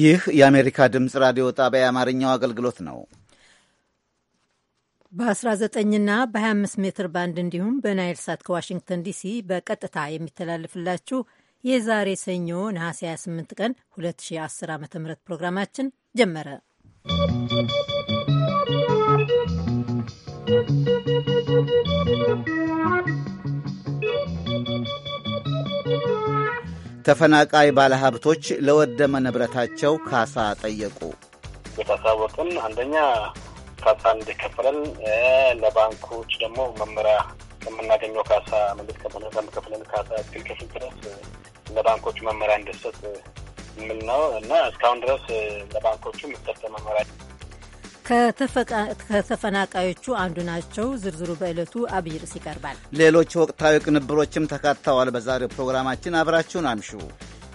ይህ የአሜሪካ ድምፅ ራዲዮ ጣቢያ የአማርኛው አገልግሎት ነው። በ19ና በ25 ሜትር ባንድ እንዲሁም በናይል ሳት ከዋሽንግተን ዲሲ በቀጥታ የሚተላለፍላችሁ የዛሬ ሰኞ ነሐሴ 28 ቀን 2010 ዓ ም ፕሮግራማችን ጀመረ። ¶¶ ተፈናቃይ ባለሀብቶች ለወደመ ንብረታቸው ካሳ ጠየቁ። የታሳወቅን አንደኛ ካሳ እንዲከፈለን ለባንኮች ደግሞ መመሪያ የምናገኘው ካሳ መንግስት ከፍለን ካሳ እስክንከፍል ድረስ ለባንኮች መመሪያ እንዲሰጥ የሚል ነው እና እስካሁን ድረስ ለባንኮቹ የምሰጠ መመሪያ ከተፈናቃዮቹ አንዱ ናቸው። ዝርዝሩ በዕለቱ አብይ ርዕስ ይቀርባል። ሌሎች ወቅታዊ ቅንብሮችም ተካተዋል። በዛሬው ፕሮግራማችን አብራችሁን አምሹ።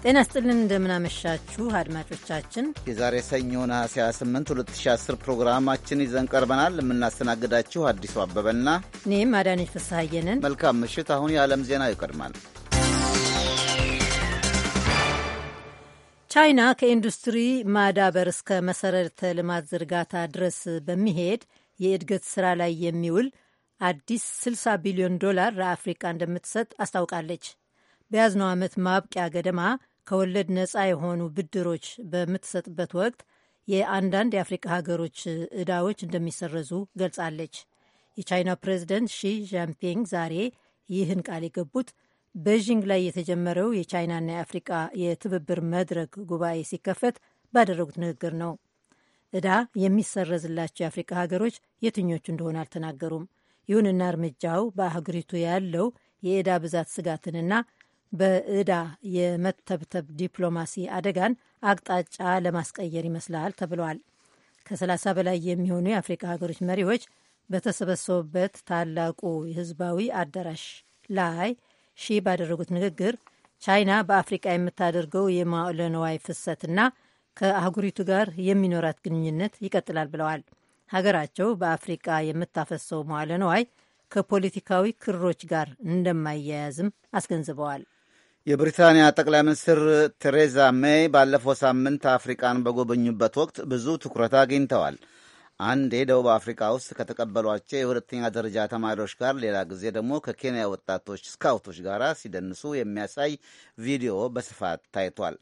ጤና ስጥልን፣ እንደምናመሻችሁ አድማጮቻችን። የዛሬ ሰኞ ነሐሴ 28 2010 ፕሮግራማችን ይዘን ቀርበናል። የምናስተናግዳችሁ አዲሱ አበበና እኔም አዳነች ፍስሐየንን። መልካም ምሽት። አሁን የዓለም ዜና ይቀድማል። ቻይና ከኢንዱስትሪ ማዳበር እስከ መሰረተ ልማት ዝርጋታ ድረስ በሚሄድ የእድገት ስራ ላይ የሚውል አዲስ 60 ቢሊዮን ዶላር ለአፍሪቃ እንደምትሰጥ አስታውቃለች። በያዝነው ዓመት ማብቂያ ገደማ ከወለድ ነፃ የሆኑ ብድሮች በምትሰጥበት ወቅት የአንዳንድ የአፍሪቃ ሀገሮች እዳዎች እንደሚሰረዙ ገልጻለች። የቻይና ፕሬዚደንት ሺ ዣምፒንግ ዛሬ ይህን ቃል የገቡት ቤዥንግ ላይ የተጀመረው የቻይናና የአፍሪቃ የትብብር መድረክ ጉባኤ ሲከፈት ባደረጉት ንግግር ነው። እዳ የሚሰረዝላቸው የአፍሪቃ ሀገሮች የትኞቹ እንደሆነ አልተናገሩም። ይሁንና እርምጃው በአህጉሪቱ ያለው የእዳ ብዛት ስጋትንና በእዳ የመተብተብ ዲፕሎማሲ አደጋን አቅጣጫ ለማስቀየር ይመስላል ተብሏል። ከ30 በላይ የሚሆኑ የአፍሪካ ሀገሮች መሪዎች በተሰበሰቡበት ታላቁ የህዝባዊ አዳራሽ ላይ ሺ ባደረጉት ንግግር ቻይና በአፍሪቃ የምታደርገው የማዕለ ፍሰትና ከአህጉሪቱ ጋር የሚኖራት ግንኙነት ይቀጥላል ብለዋል። ሀገራቸው በአፍሪቃ የምታፈሰው መዋለ ነዋይ ከፖለቲካዊ ክሮች ጋር እንደማያያዝም አስገንዝበዋል። የብሪታንያ ጠቅላይ ሚኒስትር ቴሬዛ ሜይ ባለፈው ሳምንት አፍሪቃን በጎበኙበት ወቅት ብዙ ትኩረት አግኝተዋል። አንዴ ደቡብ አፍሪካ ውስጥ ከተቀበሏቸው የሁለተኛ ደረጃ ተማሪዎች ጋር፣ ሌላ ጊዜ ደግሞ ከኬንያ ወጣቶች ስካውቶች ጋር ሲደንሱ የሚያሳይ ቪዲዮ በስፋት ታይቷል።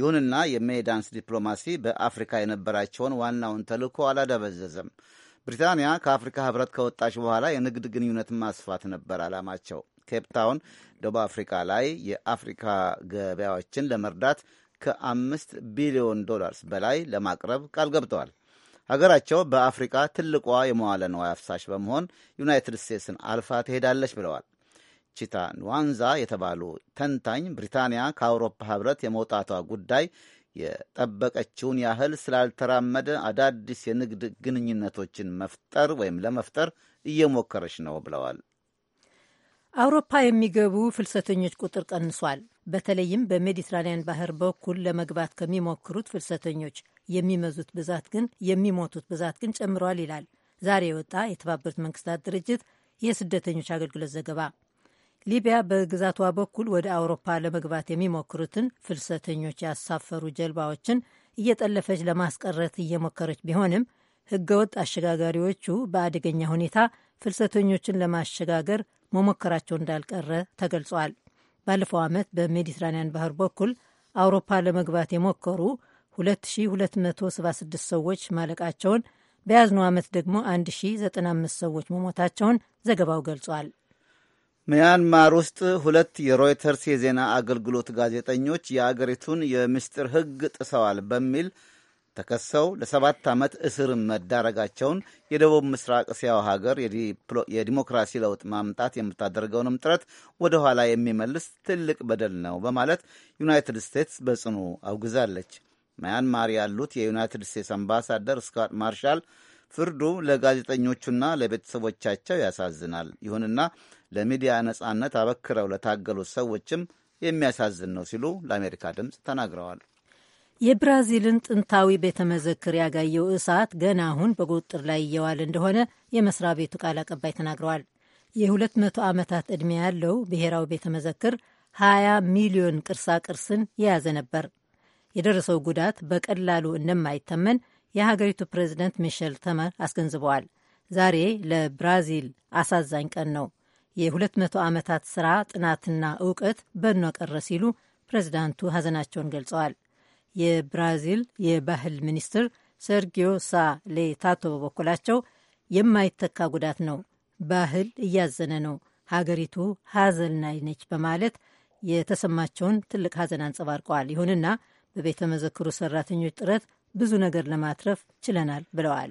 ይሁንና የሜዳንስ ዳንስ ዲፕሎማሲ በአፍሪካ የነበራቸውን ዋናውን ተልዕኮ አላደበዘዘም። ብሪታንያ ከአፍሪካ ሕብረት ከወጣች በኋላ የንግድ ግንኙነት ማስፋት ነበር ዓላማቸው። ኬፕታውን ደቡብ አፍሪካ ላይ የአፍሪካ ገበያዎችን ለመርዳት ከአምስት ቢሊዮን ዶላርስ በላይ ለማቅረብ ቃል ገብተዋል። ሀገራቸው በአፍሪቃ ትልቋ የመዋለ ንዋይ አፍሳሽ በመሆን ዩናይትድ ስቴትስን አልፋ ትሄዳለች ብለዋል። ቺታ ንዋንዛ የተባሉ ተንታኝ ብሪታንያ ከአውሮፓ ህብረት የመውጣቷ ጉዳይ የጠበቀችውን ያህል ስላልተራመደ አዳዲስ የንግድ ግንኙነቶችን መፍጠር ወይም ለመፍጠር እየሞከረች ነው ብለዋል። አውሮፓ የሚገቡ ፍልሰተኞች ቁጥር ቀንሷል። በተለይም በሜዲትራኒያን ባህር በኩል ለመግባት ከሚሞክሩት ፍልሰተኞች የሚመዙት ብዛት ግን የሚሞቱት ብዛት ግን ጨምሯል ይላል ዛሬ የወጣ የተባበሩት መንግስታት ድርጅት የስደተኞች አገልግሎት ዘገባ። ሊቢያ በግዛቷ በኩል ወደ አውሮፓ ለመግባት የሚሞክሩትን ፍልሰተኞች ያሳፈሩ ጀልባዎችን እየጠለፈች ለማስቀረት እየሞከረች ቢሆንም ህገወጥ አሸጋጋሪዎቹ በአደገኛ ሁኔታ ፍልሰተኞችን ለማሸጋገር መሞከራቸው እንዳልቀረ ተገልጿል። ባለፈው ዓመት በሜዲትራንያን ባህር በኩል አውሮፓ ለመግባት የሞከሩ 2276 ሰዎች ማለቃቸውን በያዝነው ዓመት ደግሞ 1095 ሰዎች መሞታቸውን ዘገባው ገልጿል። ሚያንማር ውስጥ ሁለት የሮይተርስ የዜና አገልግሎት ጋዜጠኞች የአገሪቱን የምስጢር ሕግ ጥሰዋል በሚል ተከሰው ለሰባት ዓመት እስር መዳረጋቸውን የደቡብ ምስራቅ እስያው ሀገር የዲሞክራሲ ለውጥ ማምጣት የምታደርገውንም ጥረት ወደ ኋላ የሚመልስ ትልቅ በደል ነው በማለት ዩናይትድ ስቴትስ በጽኑ አውግዛለች። ማያንማር ያሉት የዩናይትድ ስቴትስ አምባሳደር ስኮት ማርሻል ፍርዱ ለጋዜጠኞቹና ለቤተሰቦቻቸው ያሳዝናል፣ ይሁንና ለሚዲያ ነጻነት አበክረው ለታገሉት ሰዎችም የሚያሳዝን ነው ሲሉ ለአሜሪካ ድምፅ ተናግረዋል። የብራዚልን ጥንታዊ ቤተ መዘክር ያጋየው እሳት ገና አሁን በቁጥጥር ላይ እየዋለ እንደሆነ የመስሪያ ቤቱ ቃል አቀባይ ተናግረዋል። የ200 ዓመታት ዕድሜ ያለው ብሔራዊ ቤተ መዘክር 20 ሚሊዮን ቅርሳ ቅርስን የያዘ ነበር። የደረሰው ጉዳት በቀላሉ እንደማይተመን የሀገሪቱ ፕሬዚደንት ሚሸል ተመር አስገንዝበዋል። ዛሬ ለብራዚል አሳዛኝ ቀን ነው፣ የ200 ዓመታት ሥራ ጥናትና እውቀት በኖ ቀረ ሲሉ ፕሬዚዳንቱ ሐዘናቸውን ገልጸዋል። የብራዚል የባህል ሚኒስትር ሰርጊዮ ሳ ሌታቶ በበኩላቸው የማይተካ ጉዳት ነው፣ ባህል እያዘነ ነው፣ ሀገሪቱ ሀዘን ላይ ነች በማለት የተሰማቸውን ትልቅ ሀዘን አንጸባርቀዋል። ይሁንና በቤተ መዘክሩ ሰራተኞች ጥረት ብዙ ነገር ለማትረፍ ችለናል ብለዋል።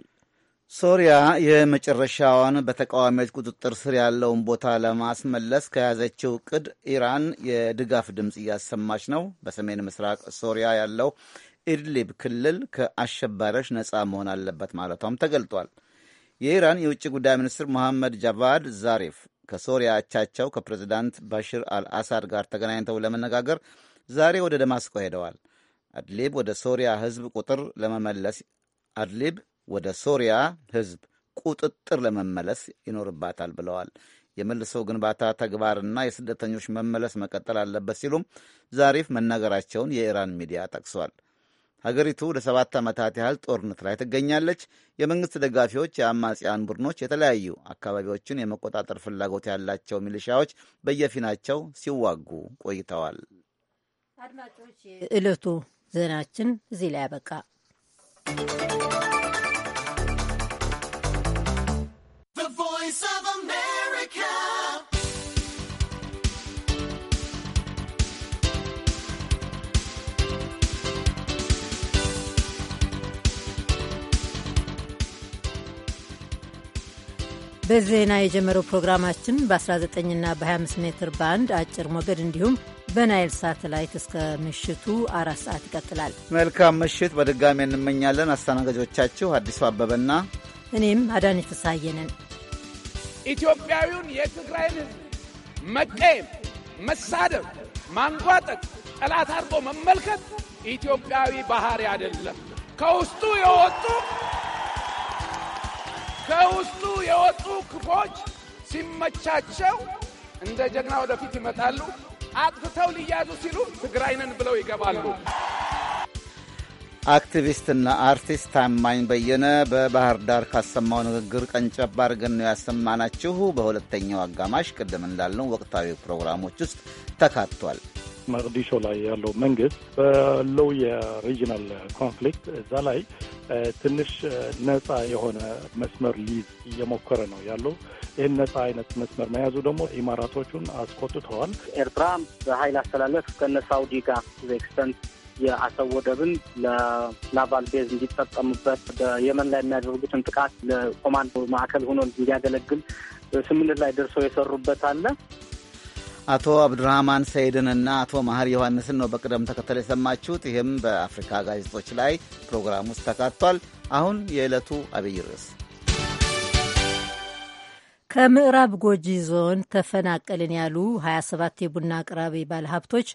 ሶሪያ የመጨረሻዋን በተቃዋሚዎች ቁጥጥር ስር ያለውን ቦታ ለማስመለስ ከያዘችው እቅድ ኢራን የድጋፍ ድምፅ እያሰማች ነው። በሰሜን ምስራቅ ሶሪያ ያለው ኢድሊብ ክልል ከአሸባሪዎች ነፃ መሆን አለበት ማለቷም ተገልጧል። የኢራን የውጭ ጉዳይ ሚኒስትር መሐመድ ጃቫድ ዛሪፍ ከሶሪያ አቻቸው ከፕሬዚዳንት ባሽር አልአሳድ ጋር ተገናኝተው ለመነጋገር ዛሬ ወደ ደማስቆ ሄደዋል። አድሊብ ወደ ሶሪያ ህዝብ ቁጥር ለመመለስ አድሊብ ወደ ሶሪያ ሕዝብ ቁጥጥር ለመመለስ ይኖርባታል ብለዋል። የመልሰው ግንባታ ተግባርና የስደተኞች መመለስ መቀጠል አለበት ሲሉም ዛሪፍ መናገራቸውን የኢራን ሚዲያ ጠቅሷል። ሀገሪቱ ለሰባት ዓመታት ያህል ጦርነት ላይ ትገኛለች። የመንግሥት ደጋፊዎች የአማጽያን ቡድኖች የተለያዩ አካባቢዎችን የመቆጣጠር ፍላጎት ያላቸው ሚሊሻዎች በየፊናቸው ሲዋጉ ቆይተዋል። አድማጮች፣ የዕለቱ ዜናችን እዚህ ላይ አበቃ። በዜና የጀመረው ፕሮግራማችን በ19ና በ25 ሜትር ባንድ አጭር ሞገድ እንዲሁም በናይል ሳተላይት እስከ ምሽቱ አራት ሰዓት ይቀጥላል። መልካም ምሽት በድጋሚ እንመኛለን። አስተናጋጆቻችሁ አዲሱ አበበና እኔም አዳኒ ተሳየንን። ኢትዮጵያዊውን የትግራይን ህዝብ መቀየም፣ መሳደብ፣ ማንጓጠቅ፣ ጠላት አድርጎ መመልከት ኢትዮጵያዊ ባህሪ አይደለም። ከውስጡ የወጡ ከውስጡ የወጡ ክፎች ሲመቻቸው እንደ ጀግና ወደፊት ይመጣሉ። አጥፍተው ሊያዙ ሲሉ ትግራይንን ብለው ይገባሉ። አክቲቪስትና አርቲስት ታማኝ በየነ በባህር ዳር ካሰማው ንግግር ቀንጨብ አድርገን ነው ያሰማናችሁ። በሁለተኛው አጋማሽ ቅድም እንዳልነው ወቅታዊ ፕሮግራሞች ውስጥ ተካቷል። መቅዲሾ ላይ ያለው መንግስት ባለው የሪጂናል ኮንፍሊክት እዛ ላይ ትንሽ ነፃ የሆነ መስመር ሊይዝ እየሞከረ ነው ያለው። ይህን ነፃ አይነት መስመር መያዙ ደግሞ ኢማራቶቹን አስቆጥተዋል። ኤርትራ በኃይል አስተላለፍ ከነ ሳውዲ ጋር ኤክስተንት የአሰብ ወደብን ለናቫል ቤዝ እንዲጠቀሙበት በየመን ላይ የሚያደርጉትን ጥቃት ለኮማንዶ ማዕከል ሆኖ እንዲያገለግል ስምምነት ላይ ደርሰው የሰሩበት አለ። አቶ አብዱራህማን ሰይድንና አቶ መሀር ዮሐንስን ነው በቅደም ተከተል የሰማችሁት። ይህም በአፍሪካ ጋዜጦች ላይ ፕሮግራም ውስጥ ተካቷል። አሁን የዕለቱ አብይ ርዕስ ከምዕራብ ጎጂ ዞን ተፈናቀልን ያሉ 27 የቡና አቅራቢ ባለሀብቶች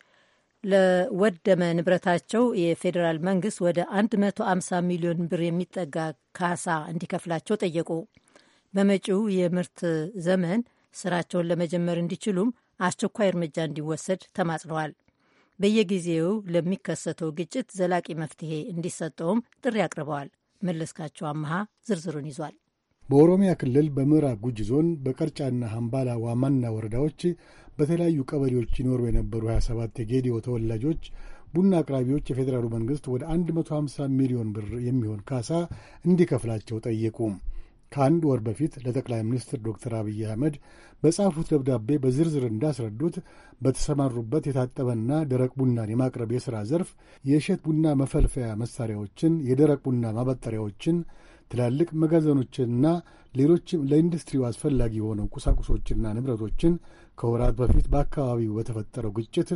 ለወደመ ንብረታቸው የፌዴራል መንግስት ወደ 150 ሚሊዮን ብር የሚጠጋ ካሳ እንዲከፍላቸው ጠየቁ። በመጪው የምርት ዘመን ስራቸውን ለመጀመር እንዲችሉም አስቸኳይ እርምጃ እንዲወሰድ ተማጽነዋል። በየጊዜው ለሚከሰተው ግጭት ዘላቂ መፍትሄ እንዲሰጠውም ጥሪ አቅርበዋል። መለስካቸው አመሃ ዝርዝሩን ይዟል። በኦሮሚያ ክልል በምዕራብ ጉጂ ዞን በቀርጫና ሐምባላ ዋማና ወረዳዎች በተለያዩ ቀበሌዎች ይኖሩ የነበሩ 27 የጌዲዮ ተወላጆች ቡና አቅራቢዎች የፌዴራሉ መንግሥት ወደ 150 ሚሊዮን ብር የሚሆን ካሳ እንዲከፍላቸው ጠየቁ። ከአንድ ወር በፊት ለጠቅላይ ሚኒስትር ዶክተር አብይ አህመድ በጻፉት ደብዳቤ በዝርዝር እንዳስረዱት በተሰማሩበት የታጠበና ደረቅ ቡናን የማቅረብ የሥራ ዘርፍ የእሸት ቡና መፈልፈያ መሣሪያዎችን፣ የደረቅ ቡና ማበጠሪያዎችን፣ ትላልቅ መጋዘኖችንና ሌሎችም ለኢንዱስትሪው አስፈላጊ የሆነው ቁሳቁሶችና ንብረቶችን ከወራት በፊት በአካባቢው በተፈጠረው ግጭት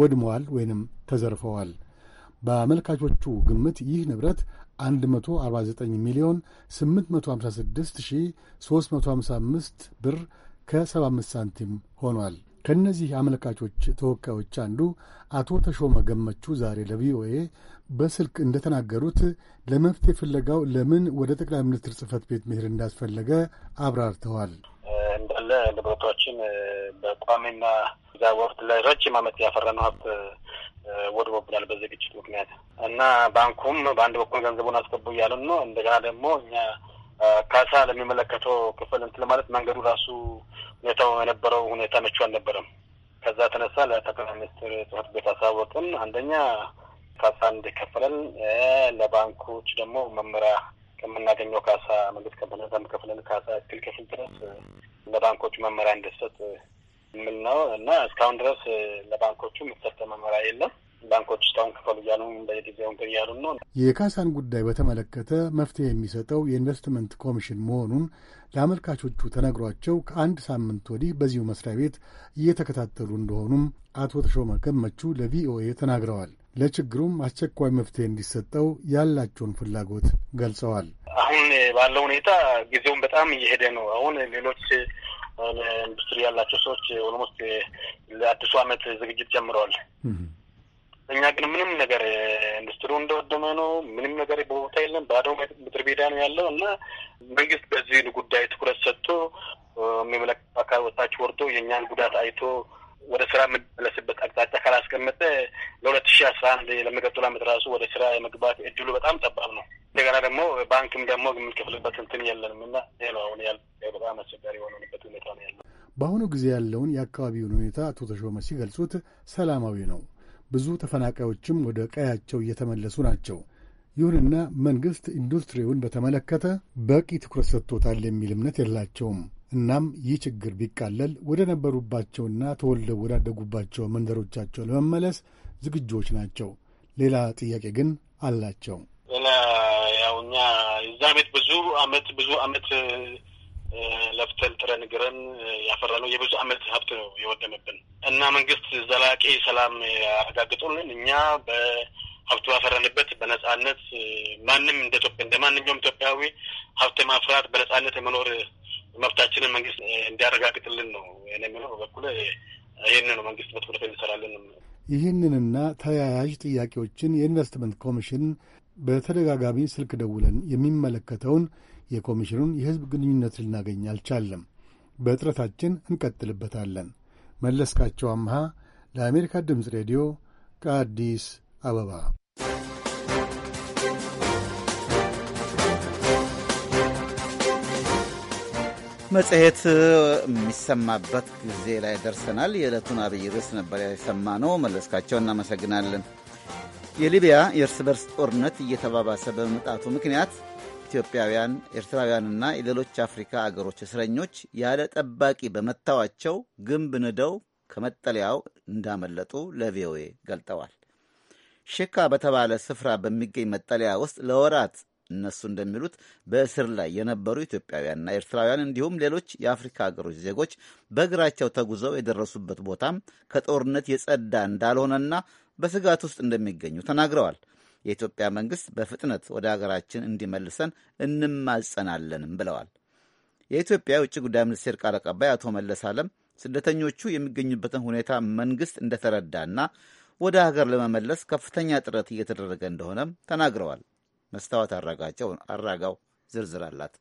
ወድመዋል ወይንም ተዘርፈዋል። በአመልካቾቹ ግምት ይህ ንብረት 149 ሚሊዮን 856355 ብር ከ75 ሳንቲም ሆኗል። ከእነዚህ አመልካቾች ተወካዮች አንዱ አቶ ተሾመ ገመቹ ዛሬ ለቪኦኤ በስልክ እንደተናገሩት ለመፍትሄ ፍለጋው ለምን ወደ ጠቅላይ ሚኒስትር ጽህፈት ቤት መሄድ እንዳስፈለገ አብራርተዋል። ያለ ንብረቶችን በቋሚና ዛ ወቅት ላይ ረጅም ዓመት ያፈራነው ሀብት ወድቦብናል በዚህ ግጭት ምክንያት እና ባንኩም በአንድ በኩል ገንዘቡን አስገቡ እያለን ነው። እንደገና ደግሞ እኛ ካሳ ለሚመለከተው ክፍል እንትን ማለት መንገዱ ራሱ ሁኔታው የነበረው ሁኔታ መቹ አልነበረም። ከዛ ተነሳ ለጠቅላይ ሚኒስትር ጽሕፈት ቤት አሳወቅን። አንደኛ ካሳ እንዲከፈለን፣ ለባንኮች ደግሞ መመሪያ ከምናገኘው ካሳ መንግስት ከፍለን ካሳ እክል ክፍል ድረስ ለባንኮቹ መመሪያ እንድሰጥ የሚል ነው እና እስካሁን ድረስ ለባንኮቹ የምትሰጠ መመሪያ የለም። ባንኮች እስካሁን ክፈሉ እያሉ በየጊዜው እንትን እያሉ ነው። የካሳን ጉዳይ በተመለከተ መፍትሄ የሚሰጠው የኢንቨስትመንት ኮሚሽን መሆኑን ለአመልካቾቹ ተነግሯቸው ከአንድ ሳምንት ወዲህ በዚሁ መስሪያ ቤት እየተከታተሉ እንደሆኑም አቶ ተሾመ ገመቹ ለቪኦኤ ተናግረዋል። ለችግሩም አስቸኳይ መፍትሄ እንዲሰጠው ያላቸውን ፍላጎት ገልጸዋል። አሁን ባለው ሁኔታ ጊዜውን በጣም እየሄደ ነው። አሁን ሌሎች ኢንዱስትሪ ያላቸው ሰዎች ኦልሞስት ለአዲሱ ዓመት ዝግጅት ጀምረዋል። እኛ ግን ምንም ነገር ኢንዱስትሪው እንደወደመ ነው። ምንም ነገር በቦታ የለም። ባዶ ምድር ቤዳ ነው ያለው እና መንግስት በዚህ ጉዳይ ትኩረት ሰጥቶ የሚመለከቱ አካል ወታች ወርዶ የእኛን ጉዳት አይቶ ወደ ስራ የምንመለስበት አቅጣጫ ካላስቀመጠ ለሁለ ሺ አስራ አንድ ለሚቀጥሉ አመት ራሱ ወደ ስራ የመግባት እድሉ በጣም ጠባብ ነው። እንደገና ደግሞ ባንክም ደግሞ የምንከፍልበት እንትን የለንም እና ይህ ነው አሁን ያለ በጣም አስቸጋሪ የሆነበት ሁኔታ ነው ያለው። በአሁኑ ጊዜ ያለውን የአካባቢውን ሁኔታ አቶ ተሾመ ሲገልጹት ሰላማዊ ነው። ብዙ ተፈናቃዮችም ወደ ቀያቸው እየተመለሱ ናቸው። ይሁንና መንግስት ኢንዱስትሪውን በተመለከተ በቂ ትኩረት ሰጥቶታል የሚል እምነት የላቸውም። እናም ይህ ችግር ቢቃለል ወደ ነበሩባቸውና ተወልደው ወዳደጉባቸው መንደሮቻቸው ለመመለስ ዝግጁዎች ናቸው። ሌላ ጥያቄ ግን አላቸው። ሌላ ያው እኛ እዛ ቤት ብዙ አመት ብዙ አመት ለፍተን ጥረን ግረን ያፈራነው የብዙ አመት ሀብት ነው የወደመብን እና መንግስት ዘላቂ ሰላም ያረጋግጡልን እኛ በሀብቱ ያፈረንበት በነጻነት ማንም እንደ ኢትዮጵያ እንደ ማንኛውም ኢትዮጵያዊ ሀብት ማፍራት በነጻነት የመኖር መብታችንን መንግስት እንዲያረጋግጥልን ነው የምለው። በበኩል ይህን ነው መንግስት በትኩረት እንሰራለን። ይህንንና ተያያዥ ጥያቄዎችን የኢንቨስትመንት ኮሚሽን በተደጋጋሚ ስልክ ደውለን የሚመለከተውን የኮሚሽኑን የሕዝብ ግንኙነት ልናገኝ አልቻለም። በጥረታችን እንቀጥልበታለን። መለስካቸው አምሃ ለአሜሪካ ድምፅ ሬዲዮ ከአዲስ አበባ መጽሔት የሚሰማበት ጊዜ ላይ ደርሰናል። የዕለቱን አብይ ርዕስ ነበር የሰማ ነው። መለስካቸው እናመሰግናለን። የሊቢያ የእርስ በርስ ጦርነት እየተባባሰ በመምጣቱ ምክንያት ኢትዮጵያውያን፣ ኤርትራውያንና የሌሎች አፍሪካ አገሮች እስረኞች ያለ ጠባቂ በመታዋቸው ግንብ ንደው ከመጠለያው እንዳመለጡ ለቪኦኤ ገልጠዋል። ሽካ በተባለ ስፍራ በሚገኝ መጠለያ ውስጥ ለወራት እነሱ እንደሚሉት በእስር ላይ የነበሩ ኢትዮጵያውያንና ኤርትራውያን እንዲሁም ሌሎች የአፍሪካ ሀገሮች ዜጎች በእግራቸው ተጉዘው የደረሱበት ቦታም ከጦርነት የጸዳ እንዳልሆነና በስጋት ውስጥ እንደሚገኙ ተናግረዋል። የኢትዮጵያ መንግስት በፍጥነት ወደ ሀገራችን እንዲመልሰን እንማጸናለንም ብለዋል። የኢትዮጵያ የውጭ ጉዳይ ሚኒስቴር ቃል አቀባይ አቶ መለስ አለም ስደተኞቹ የሚገኙበትን ሁኔታ መንግስት እንደተረዳና ወደ ሀገር ለመመለስ ከፍተኛ ጥረት እየተደረገ እንደሆነም ተናግረዋል። መስታወት አራጋቸው አራጋው ዝርዝር አላት።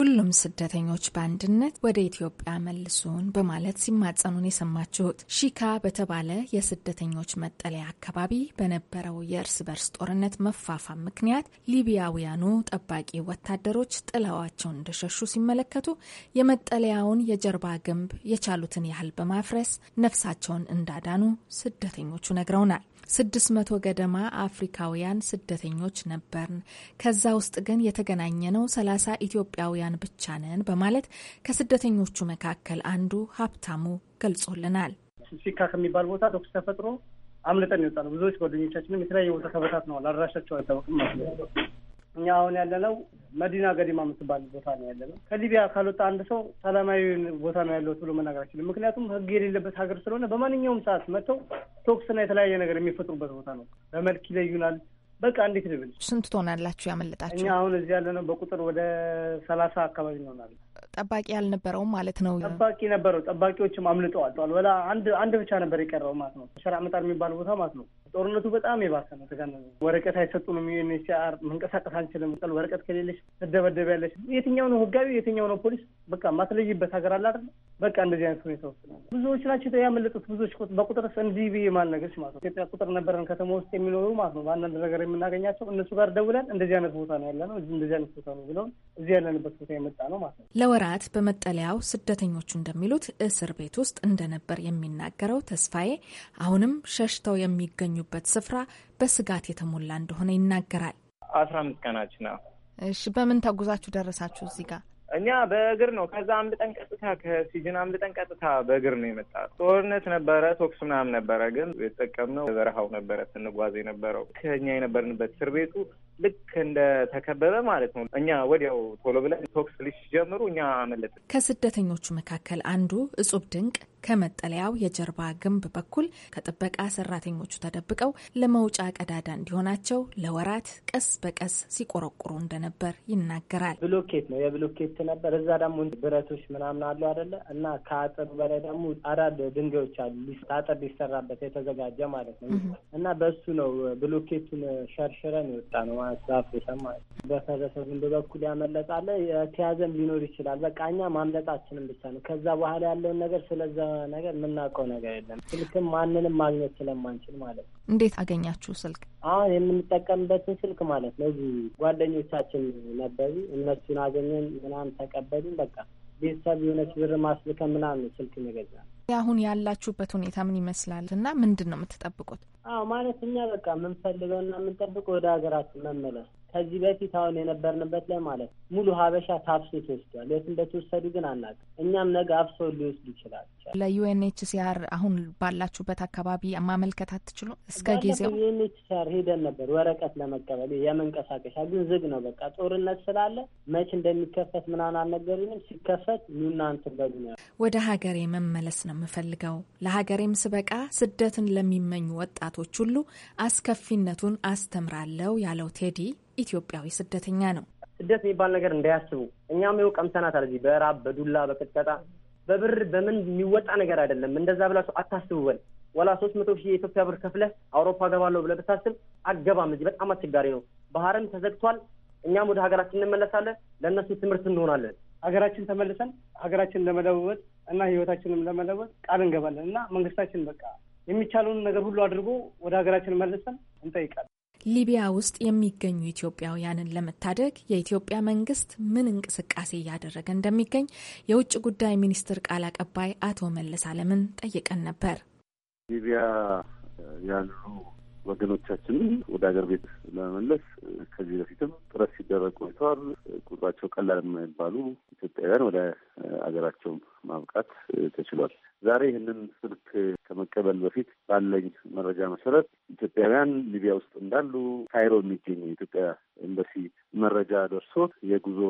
ሁሉም ስደተኞች በአንድነት ወደ ኢትዮጵያ መልሱን በማለት ሲማጸኑን የሰማችሁት ሺካ በተባለ የስደተኞች መጠለያ አካባቢ በነበረው የእርስ በርስ ጦርነት መፋፋም ምክንያት ሊቢያውያኑ ጠባቂ ወታደሮች ጥለዋቸውን እንደሸሹ ሲመለከቱ የመጠለያውን የጀርባ ግንብ የቻሉትን ያህል በማፍረስ ነፍሳቸውን እንዳዳኑ ስደተኞቹ ነግረውናል። ስድስት መቶ ገደማ አፍሪካውያን ስደተኞች ነበርን። ከዛ ውስጥ ግን የተገናኘ ነው ሰላሳ ኢትዮጵያውያን ብቻ ነን በማለት ከስደተኞቹ መካከል አንዱ ሀብታሙ ገልጾልናል። ሲካ ከሚባል ቦታ ተኩስ ተፈጥሮ አምልጠን ይወጣ ነው። ብዙዎች ጓደኞቻችንም የተለያየ ቦታ ተበታት ነዋል። አድራሻቸው አይታወቅም ማለት ነው። እኛ አሁን ያለነው መዲና ገዲማ የምትባል ቦታ ነው ያለነው። ከሊቢያ ካልወጣ አንድ ሰው ሰላማዊ ቦታ ነው ያለው ብሎ መናገር አይችልም። ምክንያቱም ህግ የሌለበት ሀገር ስለሆነ በማንኛውም ሰዓት መጥተው ቶክስና የተለያየ ነገር የሚፈጥሩበት ቦታ ነው። በመልክ ይለዩናል። በቃ እንዴት ልብል። ስንት ትሆናላችሁ ያመለጣችሁ? እኛ አሁን እዚህ ያለነው በቁጥር ወደ ሰላሳ አካባቢ እንሆናለን። ጠባቂ ያልነበረውም ማለት ነው። ጠባቂ ነበረው፣ ጠባቂዎችም አምልጠዋል። በላ አንድ አንድ ብቻ ነበር የቀረው ማለት ነው። ሸራ መጣር የሚባል ቦታ ማለት ነው። ጦርነቱ በጣም የባሰ ነው። ተጋነ ወረቀት አይሰጡንም። ዩኤንኤችሲአር መንቀሳቀስ አንችልም፣ ቀል ወረቀት ከሌለሽ ትደበደብ ያለሽ። የትኛው ነው ህጋዊ የትኛው ነው ፖሊስ? በቃ ማትለይበት ሀገር አለ አይደለ? በቃ እንደዚህ አይነት ሁኔታ ውስጥ ነው ብዙዎች ናቸው ያመለጡት። ብዙዎች በቁጥር እንዲህ ብዬ ማልነገርሽ ማለት ነው ኢትዮጵያ ቁጥር ነበረን ከተማ ውስጥ የሚኖሩ ማለት ነው። በአንዳንድ ነገር የምናገኛቸው እነሱ ጋር ደውለን እንደዚህ አይነት ቦታ ነው ያለ ነው እንደዚህ አይነት ቦታ ነው ብለውን እዚህ ያለንበት ቦታ የመጣ ነው ማለት ነው። ለወራት በመጠለያው ስደተኞቹ እንደሚሉት እስር ቤት ውስጥ እንደነበር የሚናገረው ተስፋዬ አሁንም ሸሽተው የሚገኙ የሚገኙበት ስፍራ በስጋት የተሞላ እንደሆነ ይናገራል። አስራ አምስት ቀናች ነው። እሺ፣ በምን ተጉዛችሁ ደረሳችሁ እዚህ ጋር? እኛ በእግር ነው። ከዛ አምልጠን ቀጥታ ከሲዝን አምልጠን ቀጥታ በእግር ነው የመጣ። ጦርነት ነበረ፣ ቶክስ ምናምን ነበረ፣ ግን የተጠቀምነው በረሃው ነበረ ስንጓዝ የነበረው። ከኛ የነበርንበት እስር ቤቱ ልክ እንደ ተከበበ ማለት ነው። እኛ ወዲያው ቶሎ ብለን ተኩስ ጀምሩ እኛ አመለጥን። ከስደተኞቹ መካከል አንዱ እጹብ ድንቅ ከመጠለያው የጀርባ ግንብ በኩል ከጥበቃ ሰራተኞቹ ተደብቀው ለመውጫ ቀዳዳ እንዲሆናቸው ለወራት ቀስ በቀስ ሲቆረቁሩ እንደነበር ይናገራል። ብሎኬት ነው የብሎኬት ነበር። እዛ ደግሞ ብረቶች ምናምን አሉ አደለ እና ከአጥር በላይ ደግሞ አዳድ ድንጋዮች አሉ። አጥር ሊሰራበት የተዘጋጀ ማለት ነው እና በሱ ነው ብሎኬቱን ሸርሽረን የወጣ ነው ማስራፍ ማለት በፈረሰ ግንብ በኩል ያመለጣለ የተያዘም ሊኖር ይችላል። በቃ እኛ ማምለጣችንም ብቻ ነው። ከዛ በኋላ ያለውን ነገር ስለዛ ነገር የምናውቀው ነገር የለም። ስልክም ማንንም ማግኘት ስለማንችል ማለት ነው። እንዴት አገኛችሁ ስልክ? አሁን የምንጠቀምበትን ስልክ ማለት ነው። እዚህ ጓደኞቻችን ነበሩ፣ እነሱን አገኘን፣ ምናምን ተቀበሉን። በቃ ቤተሰብ የሆነች ብር ማስልከን ምናምን ስልክ ነገዛ። አሁን ያላችሁበት ሁኔታ ምን ይመስላል እና ምንድን ነው የምትጠብቁት? አዎ ማለት እኛ በቃ የምንፈልገውና የምንጠብቀው ወደ ሀገራችን መመለስ ከዚህ በፊት አሁን የነበርንበት ላይ ማለት ሙሉ ሀበሻ ታፍሶ ተወስዷል። የት እንደተወሰዱ ግን አናውቅም። እኛም ነገ አፍሶ ሊወስዱ ይችላል። ለዩኤንኤችሲአር አሁን ባላችሁበት አካባቢ ማመልከት አትችሉ? እስከ ጊዜው ዩኤንኤችሲአር ሄደን ነበር ወረቀት ለመቀበል የመንቀሳቀሻ ግን ዝግ ነው። በቃ ጦርነት ስላለ መች እንደሚከፈት ምናምን አልነገሩንም። ሲከፈት ኑና በሉ ነው። ወደ ሀገሬ መመለስ ነው የምፈልገው። ለሀገሬም ስበቃ ስደትን ለሚመኙ ወጣቶች ሁሉ አስከፊነቱን አስተምራለው ያለው ቴዲ ኢትዮጵያዊ ስደተኛ ነው። ስደት የሚባል ነገር እንዳያስቡ እኛም ይኸው ቀምሰናታል። እዚህ በራብ በዱላ በቅጥቀጣ በብር በምን የሚወጣ ነገር አይደለም። እንደዛ ብላችሁ አታስቡበን። ወላ ሶስት መቶ ሺህ የኢትዮጵያ ብር ከፍለህ አውሮፓ ገባለሁ ብለህ ብታስብ አገባም። እዚህ በጣም አስቸጋሪ ነው። ባህርም ተዘግቷል። እኛም ወደ ሀገራችን እንመለሳለን። ለእነሱ ትምህርት እንሆናለን። ሀገራችን ተመልሰን ሀገራችን ለመለወጥ እና ህይወታችንም ለመለወጥ ቃል እንገባለን እና መንግስታችን በቃ የሚቻለውን ነገር ሁሉ አድርጎ ወደ ሀገራችን መልሰን እንጠይቃለን። ሊቢያ ውስጥ የሚገኙ ኢትዮጵያውያንን ለመታደግ የኢትዮጵያ መንግስት ምን እንቅስቃሴ እያደረገ እንደሚገኝ የውጭ ጉዳይ ሚኒስትር ቃል አቀባይ አቶ መለስ አለምን ጠይቀን ነበር። ሊቢያ ያሉ ወገኖቻችንን ወደ ሀገር ቤት ለመመለስ ከዚህ በፊትም ጥረት ሲደረግ ቆይተዋል። ቁጥራቸው ቀላል የማይባሉ ኢትዮጵያውያን ወደ ሀገራቸውም ማብቃት ተችሏል። ዛሬ ይህንን ስልክ ከመቀበል በፊት ባለኝ መረጃ መሰረት ኢትዮጵያውያን ሊቢያ ውስጥ እንዳሉ ካይሮ የሚገኝ የኢትዮጵያ ኤምባሲ መረጃ ደርሶት የጉዞ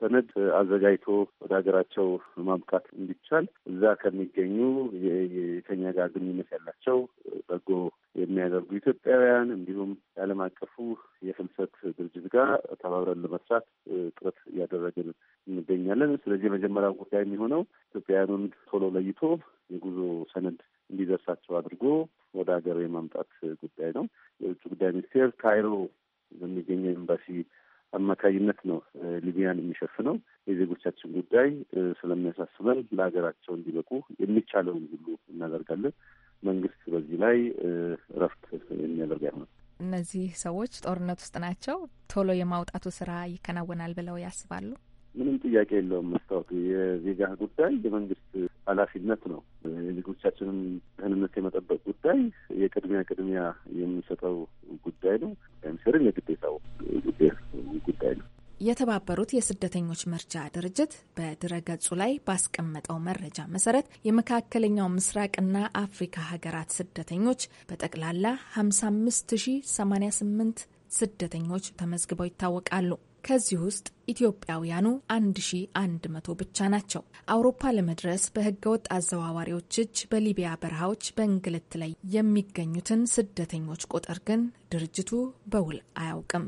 ሰነድ አዘጋጅቶ ወደ ሀገራቸው ማምጣት እንዲቻል እዛ ከሚገኙ የተኛ ጋር ግንኙነት ያላቸው በጎ የሚያደርጉ ኢትዮጵያውያን እንዲሁም የዓለም አቀፉ የፍልሰት ድርጅት ጋር ተባብረን ለመስራት ጥረት እያደረግን እንገኛለን። ስለዚህ የመጀመሪያው ጉዳይ የሚሆነው ኢትዮጵያውያኑን ቶሎ ለይቶ የጉዞ ሰነድ እንዲደርሳቸው አድርጎ ወደ ሀገር የማምጣት ጉዳይ ነው። የውጭ ጉዳይ ሚኒስቴር ካይሮ በሚገኘው ኤምባሲ አማካኝነት ነው ሊቢያን የሚሸፍነው። የዜጎቻችን ጉዳይ ስለሚያሳስበን ለሀገራቸው እንዲበቁ የሚቻለውን ሁሉ እናደርጋለን። መንግስት በዚህ ላይ እረፍት የሚያደርግ አይሆንም። እነዚህ ሰዎች ጦርነት ውስጥ ናቸው። ቶሎ የማውጣቱ ስራ ይከናወናል ብለው ያስባሉ? ምንም ጥያቄ የለውም መስታወቱ የዜጋ ጉዳይ የመንግስት ኃላፊነት ነው። የዜጎቻችንን ደህንነት የመጠበቅ ጉዳይ የቅድሚያ ቅድሚያ የሚሰጠው ጉዳይ ነው። ሚኒስቴርን የግዴታው ጉዳይ ነው። የተባበሩት የስደተኞች መርጃ ድርጅት በድረገጹ ላይ ባስቀመጠው መረጃ መሰረት የመካከለኛው ምስራቅና አፍሪካ ሀገራት ስደተኞች በጠቅላላ 55088 ስደተኞች ተመዝግበው ይታወቃሉ። ከዚህ ውስጥ ኢትዮጵያውያኑ 1100 ብቻ ናቸው። አውሮፓ ለመድረስ በህገወጥ አዘዋዋሪዎች እጅ በሊቢያ በረሃዎች በእንግልት ላይ የሚገኙትን ስደተኞች ቁጥር ግን ድርጅቱ በውል አያውቅም።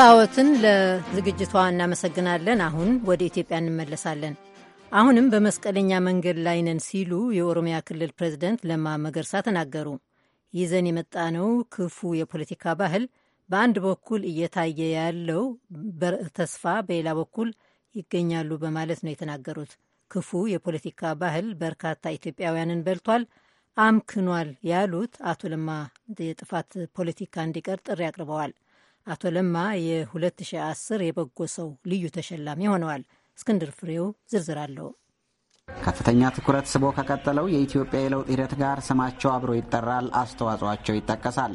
መስታወትን ለዝግጅቷ እናመሰግናለን። አሁን ወደ ኢትዮጵያ እንመለሳለን። አሁንም በመስቀለኛ መንገድ ላይ ነን ሲሉ የኦሮሚያ ክልል ፕሬዚደንት ለማ መገርሳ ተናገሩ። ይዘን የመጣነው ክፉ የፖለቲካ ባህል በአንድ በኩል እየታየ ያለው ተስፋ በሌላ በኩል ይገኛሉ በማለት ነው የተናገሩት። ክፉ የፖለቲካ ባህል በርካታ ኢትዮጵያውያንን በልቷል፣ አምክኗል ያሉት አቶ ለማ የጥፋት ፖለቲካ እንዲቀር ጥሪ አቅርበዋል። አቶ ለማ የ2010 የበጎ ሰው ልዩ ተሸላሚ ሆነዋል። እስክንድር ፍሬው ዝርዝር አለው። ከፍተኛ ትኩረት ስቦ ከቀጠለው የኢትዮጵያ የለውጥ ሂደት ጋር ስማቸው አብሮ ይጠራል፣ አስተዋጽኦቸው ይጠቀሳል።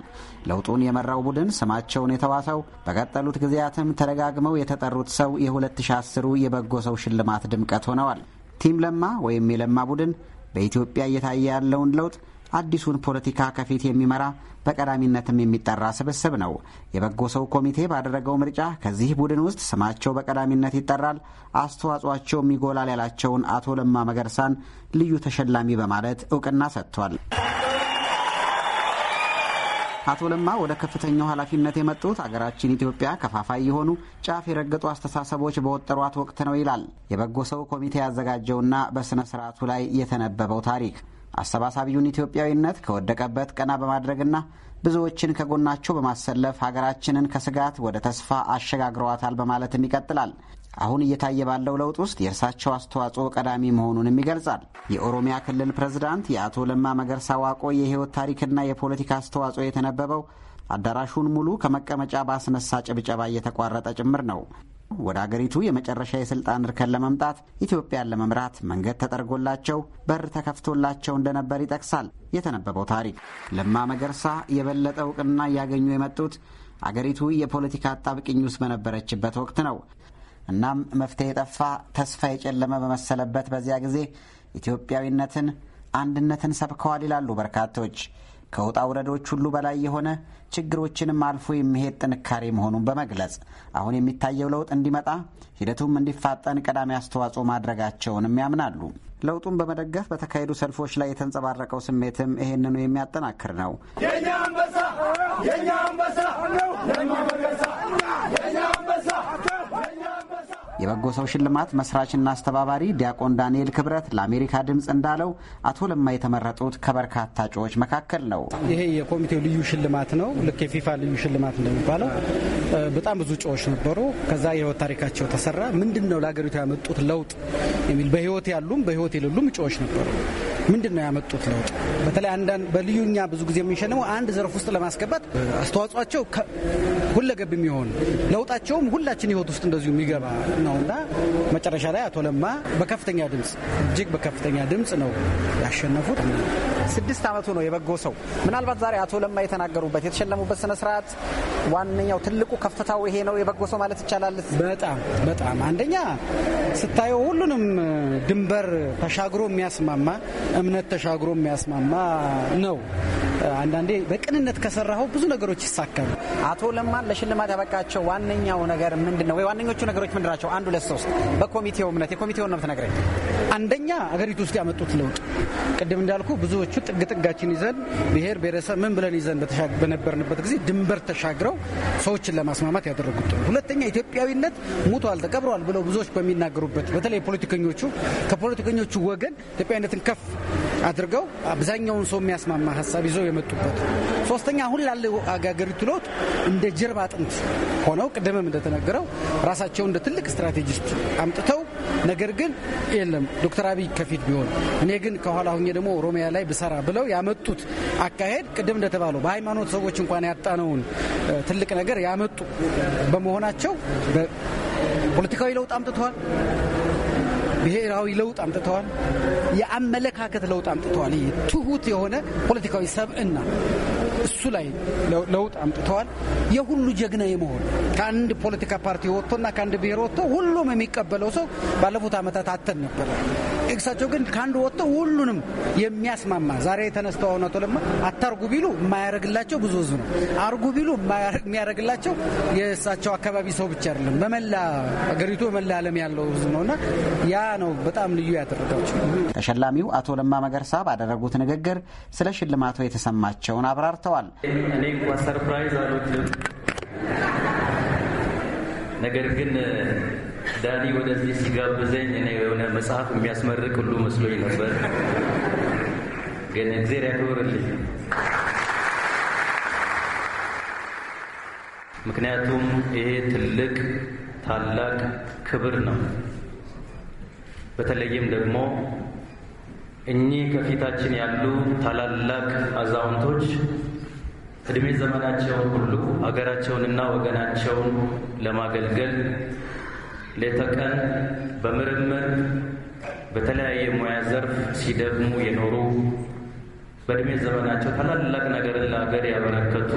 ለውጡን የመራው ቡድን ስማቸውን የተዋሰው በቀጠሉት ጊዜያትም ተደጋግመው የተጠሩት ሰው የ2010ሩ የበጎ ሰው ሽልማት ድምቀት ሆነዋል። ቲም ለማ ወይም የለማ ቡድን በኢትዮጵያ እየታየ ያለውን ለውጥ አዲሱን ፖለቲካ ከፊት የሚመራ በቀዳሚነትም የሚጠራ ስብስብ ነው። የበጎ ሰው ኮሚቴ ባደረገው ምርጫ ከዚህ ቡድን ውስጥ ስማቸው በቀዳሚነት ይጠራል፣ አስተዋጽኦአቸውም ይጎላል ያላቸውን አቶ ለማ መገርሳን ልዩ ተሸላሚ በማለት እውቅና ሰጥቷል። አቶ ለማ ወደ ከፍተኛው ኃላፊነት የመጡት አገራችን ኢትዮጵያ ከፋፋይ የሆኑ ጫፍ የረገጡ አስተሳሰቦች በወጠሯት ወቅት ነው ይላል የበጎ ሰው ኮሚቴ ያዘጋጀውና በሥነ ሥርዓቱ ላይ የተነበበው ታሪክ። አሰባሳቢውን ኢትዮጵያዊነት ከወደቀበት ቀና በማድረግና ብዙዎችን ከጎናቸው በማሰለፍ ሀገራችንን ከስጋት ወደ ተስፋ አሸጋግረዋታል በማለትም ይቀጥላል። አሁን እየታየ ባለው ለውጥ ውስጥ የእርሳቸው አስተዋጽኦ ቀዳሚ መሆኑንም ይገልጻል። የኦሮሚያ ክልል ፕሬዝዳንት የአቶ ለማ መገርሳ ዋቆ የህይወት ታሪክና የፖለቲካ አስተዋጽኦ የተነበበው አዳራሹን ሙሉ ከመቀመጫ በአስነሳ ጭብጨባ እየተቋረጠ ጭምር ነው። ወደ አገሪቱ የመጨረሻ የስልጣን እርከን ለመምጣት ኢትዮጵያን ለመምራት መንገድ ተጠርጎላቸው በር ተከፍቶላቸው እንደነበር ይጠቅሳል የተነበበው ታሪክ። ለማ መገርሳ የበለጠ እውቅና እያገኙ የመጡት አገሪቱ የፖለቲካ አጣብቅኝ ውስጥ በነበረችበት ወቅት ነው። እናም መፍትሄ የጠፋ ተስፋ የጨለመ በመሰለበት በዚያ ጊዜ ኢትዮጵያዊነትን፣ አንድነትን ሰብከዋል ይላሉ በርካቶች። ከውጣ ውረዶች ሁሉ በላይ የሆነ ችግሮችንም አልፎ የሚሄድ ጥንካሬ መሆኑን በመግለጽ አሁን የሚታየው ለውጥ እንዲመጣ ሂደቱም እንዲፋጠን ቀዳሚ አስተዋጽኦ ማድረጋቸውንም ያምናሉ። ለውጡን በመደገፍ በተካሄዱ ሰልፎች ላይ የተንጸባረቀው ስሜትም ይሄንኑ የሚያጠናክር ነው። የእኛ አንበሳ የእኛ አንበሳ ነው። የበጎ ሰው ሽልማት መስራችና አስተባባሪ ዲያቆን ዳንኤል ክብረት ለአሜሪካ ድምፅ እንዳለው አቶ ለማ የተመረጡት ከበርካታ እጩዎች መካከል ነው። ይሄ የኮሚቴው ልዩ ሽልማት ነው። ልክ የፊፋ ልዩ ሽልማት እንደሚባለው በጣም ብዙ እጩዎች ነበሩ። ከዛ የህይወት ታሪካቸው ተሰራ። ምንድን ነው ለሀገሪቱ ያመጡት ለውጥ የሚል በህይወት ያሉም በህይወት የሌሉም እጩዎች ነበሩ። ምንድን ነው ያመጡት ለውጥ? በተለይ አንዳንድ በልዩኛ ብዙ ጊዜ የምንሸልመው አንድ ዘርፍ ውስጥ ለማስገባት አስተዋጽኦቸው ሁለገብ የሚሆን ለውጣቸውም ሁላችን ህይወት ውስጥ እንደዚሁ የሚገባ ነው እና መጨረሻ ላይ አቶ ለማ በከፍተኛ ድምፅ እጅግ በከፍተኛ ድምፅ ነው ያሸነፉት። ስድስት ዓመቱ ነው የበጎ ሰው። ምናልባት ዛሬ አቶ ለማ የተናገሩበት የተሸለሙበት ስነ ስርዓት ዋነኛው ትልቁ ከፍታው ይሄ ነው የበጎ ሰው ማለት ይቻላል። በጣም በጣም አንደኛ ስታየው ሁሉንም ድንበር ተሻግሮ የሚያስማማ እምነት ተሻግሮ የሚያስማማ ነው። አንዳንዴ በቅንነት ከሰራኸው ብዙ ነገሮች ይሳካሉ። አቶ ለማን ለሽልማት ያበቃቸው ዋነኛው ነገር ምንድን ነው? ወይ ዋነኞቹ ነገሮች ምንድን ናቸው? አንድ ሁለት ሶስት በኮሚቴው እምነት የኮሚቴውን ነው የምትነግረኝ። አንደኛ አገሪቱ ውስጥ ያመጡት ለውጥ፣ ቅድም እንዳልኩ ብዙዎቹ ሌሎቹ ጥግ ጥጋችን ይዘን ብሔር ብሔረሰብ ምን ብለን ይዘን በነበርንበት ጊዜ ድንበር ተሻግረው ሰዎችን ለማስማማት ያደረጉት ሁለተኛ ኢትዮጵያዊነት ሙቷል፣ ተቀብሯል ብለው ብዙዎች በሚናገሩበት በተለይ ፖለቲከኞቹ ከፖለቲከኞቹ ወገን ኢትዮጵያዊነትን ከፍ አድርገው አብዛኛውን ሰው የሚያስማማ ሀሳብ ይዘው የመጡበት። ሶስተኛ አሁን ላለው አገሪቱ ለውጥ እንደ ጀርባ አጥንት ሆነው ቅድምም እንደተነገረው ራሳቸው እንደ ትልቅ ስትራቴጂስት አምጥተው ነገር ግን የለም ዶክተር አብይ ከፊት ቢሆን እኔ ግን ከኋላ ሁኜ ደግሞ ኦሮሚያ ላይ ብሰራ ብለው ያመጡት አካሄድ ቅድም እንደተባለው በሃይማኖት ሰዎች እንኳን ያጣነውን ትልቅ ነገር ያመጡ በመሆናቸው ፖለቲካዊ ለውጥ አምጥተዋል። ብሔራዊ ለውጥ አምጥተዋል። የአመለካከት ለውጥ አምጥተዋል። ይህ ትሁት የሆነ ፖለቲካዊ ሰብዕና እሱ ላይ ለውጥ አምጥተዋል። የሁሉ ጀግና የመሆን ከአንድ ፖለቲካ ፓርቲ ወጥቶና ከአንድ ብሔር ወጥቶ ሁሉም የሚቀበለው ሰው ባለፉት ዓመታት አተን ነበረ። እሳቸው ግን ከአንድ ወጥቶ ሁሉንም የሚያስማማ ዛሬ የተነስተው አሁን ለማ አታርጉ ቢሉ የማያደርግላቸው ብዙ ህዝብ ነው። አርጉ ቢሉ የሚያደርግላቸው የእሳቸው አካባቢ ሰው ብቻ አይደለም፣ በመላ አገሪቱ በመላ ዓለም ያለው ህዝብ ነውና ያ ነው በጣም ልዩ ያደረጋቸው። ተሸላሚው አቶ ለማ መገርሳ ባደረጉት ንግግር ስለ ሽልማቱ የተሰማቸውን አብራርተዋል። እኔ እንኳ ሰርፕራይዝ አልወድም፣ ነገር ግን ዳኒ ወደዚህ ሲጋብዘኝ እኔ የሆነ መጽሐፍ የሚያስመርቅ ሁሉ መስሎኝ ነበር። ግን እግዜር ያክብርልኝ ምክንያቱም ይሄ ትልቅ ታላቅ ክብር ነው። በተለይም ደግሞ እኚህ ከፊታችን ያሉ ታላላቅ አዛውንቶች እድሜ ዘመናቸውን ሁሉ አገራቸውንና ወገናቸውን ለማገልገል ሌት ተቀን በምርምር በተለያየ ሙያ ዘርፍ ሲደግሙ የኖሩ በእድሜ ዘመናቸው ታላላቅ ነገርን ለሀገር ያበረከቱ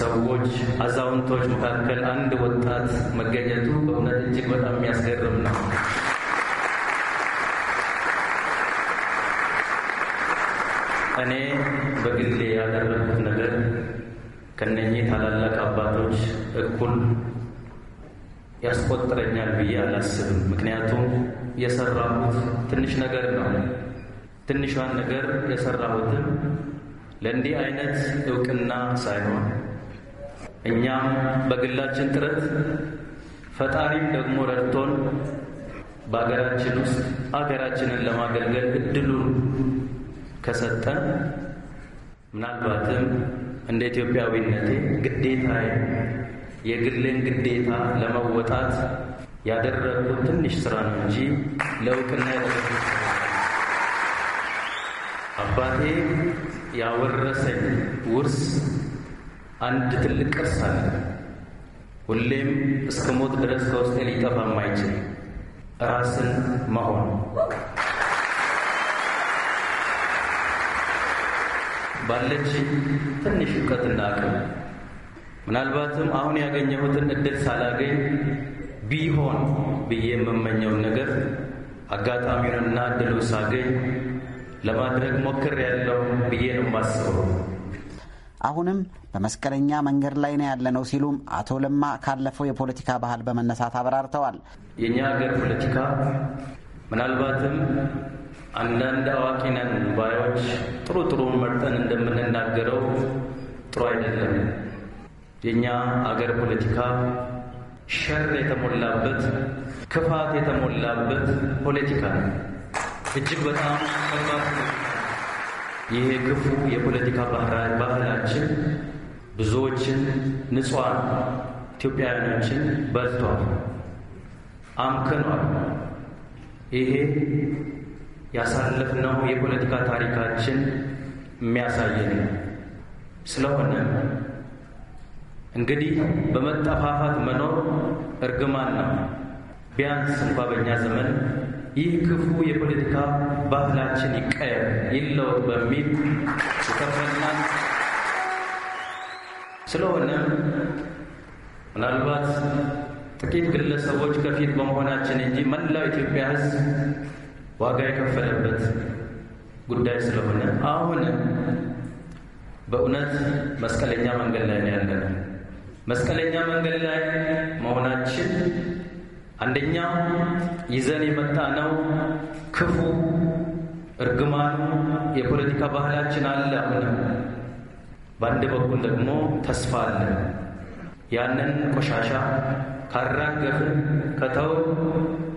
ሰዎች አዛውንቶች መካከል አንድ ወጣት መገኘቱ በእውነት እጅግ በጣም የሚያስገርም ነው። እኔ በግሌ ያደረግኩት ነገር ከነኚህ ታላላቅ አባቶች እኩል ያስቆጥረኛል ብዬ አላስብም። ምክንያቱም የሰራሁት ትንሽ ነገር ነው። ትንሿን ነገር የሰራሁትም ለእንዲህ አይነት እውቅና ሳይሆን እኛም በግላችን ጥረት ፈጣሪም ደግሞ ረድቶን በሀገራችን ውስጥ ሀገራችንን ለማገልገል እድሉን ከሰጠ ምናልባትም እንደ ኢትዮጵያዊነቴ ግዴታ የግሌን ግዴታ ለመወጣት ያደረግኩት ትንሽ ስራ ነው እንጂ ለእውቅና አባቴ ያወረሰኝ ውርስ አንድ ትልቅ ቅርስ አለ። ሁሌም እስከ ሞት ድረስ ከውስጤ ሊጠፋ የማይችል ራስን መሆን ባለች ትንሽ እውቀትና አቅም ምናልባትም አሁን ያገኘሁትን እድል ሳላገኝ ቢሆን ብዬ የምመኘውን ነገር አጋጣሚውንና እድሉ ሳገኝ ለማድረግ ሞክር ያለው ብዬ ነው የማስበው። አሁንም በመስቀለኛ መንገድ ላይ ነው ያለ ነው ሲሉም አቶ ለማ ካለፈው የፖለቲካ ባህል በመነሳት አብራርተዋል። የእኛ ሀገር ፖለቲካ ምናልባትም አንዳንድ አዋቂ ነን ባዮች ጥሩ ጥሩ መርጠን እንደምንናገረው ጥሩ አይደለም። የእኛ አገር ፖለቲካ ሸር የተሞላበት ክፋት የተሞላበት ፖለቲካ ነው። እጅግ በጣም ከባድ ይሄ ክፉ የፖለቲካ ባህላችን ብዙዎችን ንጹሐን ኢትዮጵያውያኖችን በልቷል፣ አምክኗል። ይሄ ያሳለፍነው የፖለቲካ ታሪካችን የሚያሳየን ነው። ስለሆነ እንግዲህ በመጠፋፋት መኖር እርግማን ነው። ቢያንስ እንኳ በእኛ ዘመን ይህ ክፉ የፖለቲካ ባህላችን ይቀየር፣ ይለወጥ በሚል ይከፈናል። ስለሆነም ምናልባት ጥቂት ግለሰቦች ከፊት በመሆናችን እንጂ መላው ኢትዮጵያ ሕዝብ ዋጋ የከፈለበት ጉዳይ ስለሆነ አሁንም በእውነት መስቀለኛ መንገድ ላይ ነው ያለ ነው። መስቀለኛ መንገድ ላይ መሆናችን አንደኛ ይዘን የመጣ ነው ክፉ እርግማኑ የፖለቲካ ባህላችን አለ። አሁንም በአንድ በኩል ደግሞ ተስፋ አለ። ያንን ቆሻሻ ካራገፍን ከተው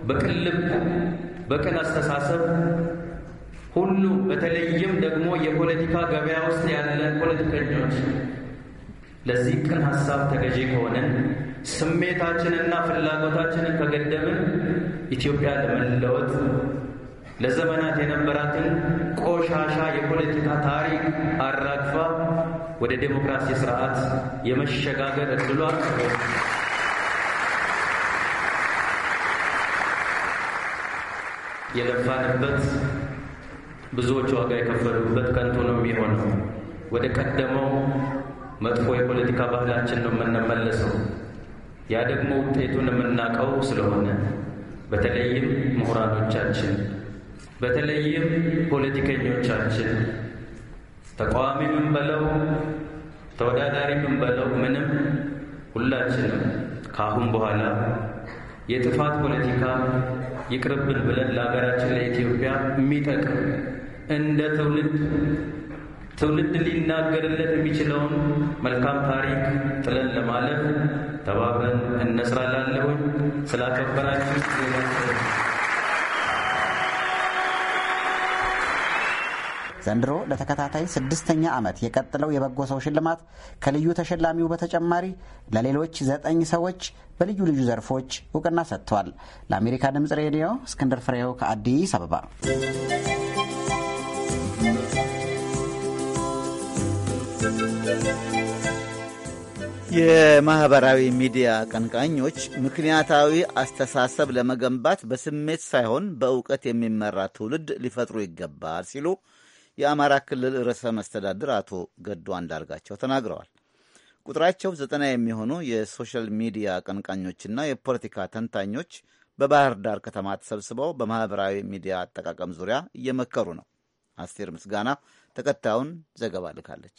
በቅልብ በቅን አስተሳሰብ ሁሉ በተለይም ደግሞ የፖለቲካ ገበያ ውስጥ ያለን ፖለቲከኞች ለዚህ ቅን ሀሳብ ተገዢ ከሆነን ስሜታችንና ፍላጎታችንን ከገደምን ኢትዮጵያ ለመለወጥ ለዘመናት የነበራትን ቆሻሻ የፖለቲካ ታሪክ አራግፋ ወደ ዴሞክራሲ ስርዓት የመሸጋገር እድሏ የለፋንበት ብዙዎች ዋጋ የከፈሉበት ከንቱ ነው የሚሆነው። ወደ ቀደመው መጥፎ የፖለቲካ ባህላችን ነው የምንመለሰው። ያ ደግሞ ውጤቱን የምናውቀው ስለሆነ በተለይም ምሁራኖቻችን፣ በተለይም ፖለቲከኞቻችን ተቃዋሚ ምን በለው ተወዳዳሪ ምን በለው ምንም ሁላችንም ከአሁን በኋላ የጥፋት ፖለቲካ ይቅርብን ብለን ለሀገራችን ለኢትዮጵያ የሚጠቅም እንደ ትውልድ ትውልድ ሊናገርለት የሚችለውን መልካም ታሪክ ጥለን ለማለፍ ተባብረን እነስራላለሁኝ ስላከበራችሁ ዘንድሮ ለተከታታይ ስድስተኛ ዓመት የቀጥለው የበጎ ሰው ሽልማት ከልዩ ተሸላሚው በተጨማሪ ለሌሎች ዘጠኝ ሰዎች በልዩ ልዩ ዘርፎች እውቅና ሰጥቷል። ለአሜሪካ ድምፅ ሬዲዮ እስክንድር ፍሬው ከአዲስ አበባ። የማኅበራዊ ሚዲያ ቀንቃኞች ምክንያታዊ አስተሳሰብ ለመገንባት በስሜት ሳይሆን በእውቀት የሚመራ ትውልድ ሊፈጥሩ ይገባል ሲሉ የአማራ ክልል ርዕሰ መስተዳድር አቶ ገዱ አንዳርጋቸው ተናግረዋል። ቁጥራቸው ዘጠና የሚሆኑ የሶሻል ሚዲያ አቀንቃኞችና የፖለቲካ ተንታኞች በባህር ዳር ከተማ ተሰብስበው በማኅበራዊ ሚዲያ አጠቃቀም ዙሪያ እየመከሩ ነው። አስቴር ምስጋና ተከታዩን ዘገባ ልካለች።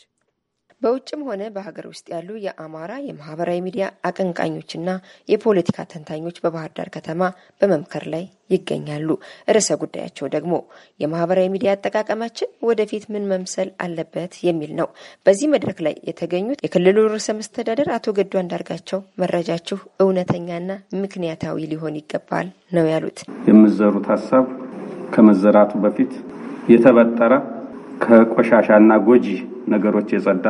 በውጭም ሆነ በሀገር ውስጥ ያሉ የአማራ የማህበራዊ ሚዲያ አቀንቃኞችና የፖለቲካ ተንታኞች በባህር ዳር ከተማ በመምከር ላይ ይገኛሉ። ርዕሰ ጉዳያቸው ደግሞ የማህበራዊ ሚዲያ አጠቃቀማችን ወደፊት ምን መምሰል አለበት የሚል ነው። በዚህ መድረክ ላይ የተገኙት የክልሉ ርዕሰ መስተዳደር አቶ ገዱ አንዳርጋቸው መረጃችሁ እውነተኛና ምክንያታዊ ሊሆን ይገባል ነው ያሉት። የምዘሩት ሀሳብ ከመዘራቱ በፊት የተበጠረ ከቆሻሻና ጎጂ ነገሮች የጸዳ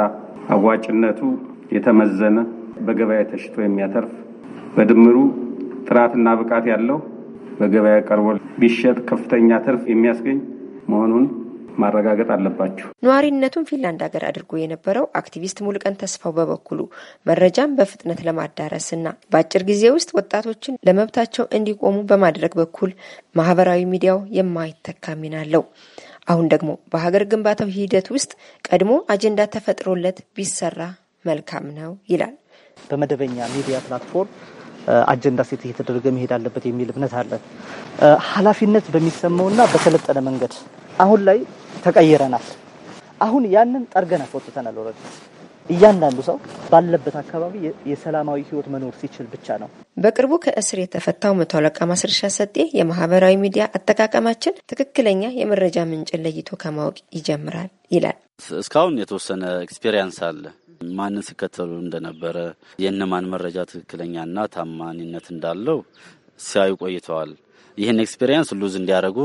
አዋጭነቱ የተመዘነ በገበያ ተሽጦ የሚያተርፍ በድምሩ ጥራትና ብቃት ያለው በገበያ ቀርቦ ቢሸጥ ከፍተኛ ትርፍ የሚያስገኝ መሆኑን ማረጋገጥ አለባቸው። ነዋሪነቱን ፊንላንድ ሀገር አድርጎ የነበረው አክቲቪስት ሙልቀን ተስፋው በበኩሉ መረጃን በፍጥነት ለማዳረስና በአጭር ጊዜ ውስጥ ወጣቶችን ለመብታቸው እንዲቆሙ በማድረግ በኩል ማህበራዊ ሚዲያው የማይተካ ሚና አለው። አሁን ደግሞ በሀገር ግንባታው ሂደት ውስጥ ቀድሞ አጀንዳ ተፈጥሮለት ቢሰራ መልካም ነው ይላል። በመደበኛ ሚዲያ ፕላትፎርም አጀንዳ ሴት እየተደረገ መሄድ አለበት የሚል እምነት አለ። ኃላፊነት በሚሰማውና በሰለጠነ መንገድ አሁን ላይ ተቀይረናል። አሁን ያንን ጠርገን አስወጥተናል። እያንዳንዱ ሰው ባለበት አካባቢ የሰላማዊ ህይወት መኖር ሲችል ብቻ ነው። በቅርቡ ከእስር የተፈታው መቶ አለቃ ማስረሻ ሰጤ የማህበራዊ ሚዲያ አጠቃቀማችን ትክክለኛ የመረጃ ምንጭን ለይቶ ከማወቅ ይጀምራል ይላል። እስካሁን የተወሰነ ኤክስፔሪያንስ አለ። ማንን ሲከተሉ እንደነበረ የእነማን መረጃ ትክክለኛና ታማኒነት እንዳለው ሲያዩ ቆይተዋል። ይህን ኤክስፔሪንስ ሉዝ እንዲያደርጉ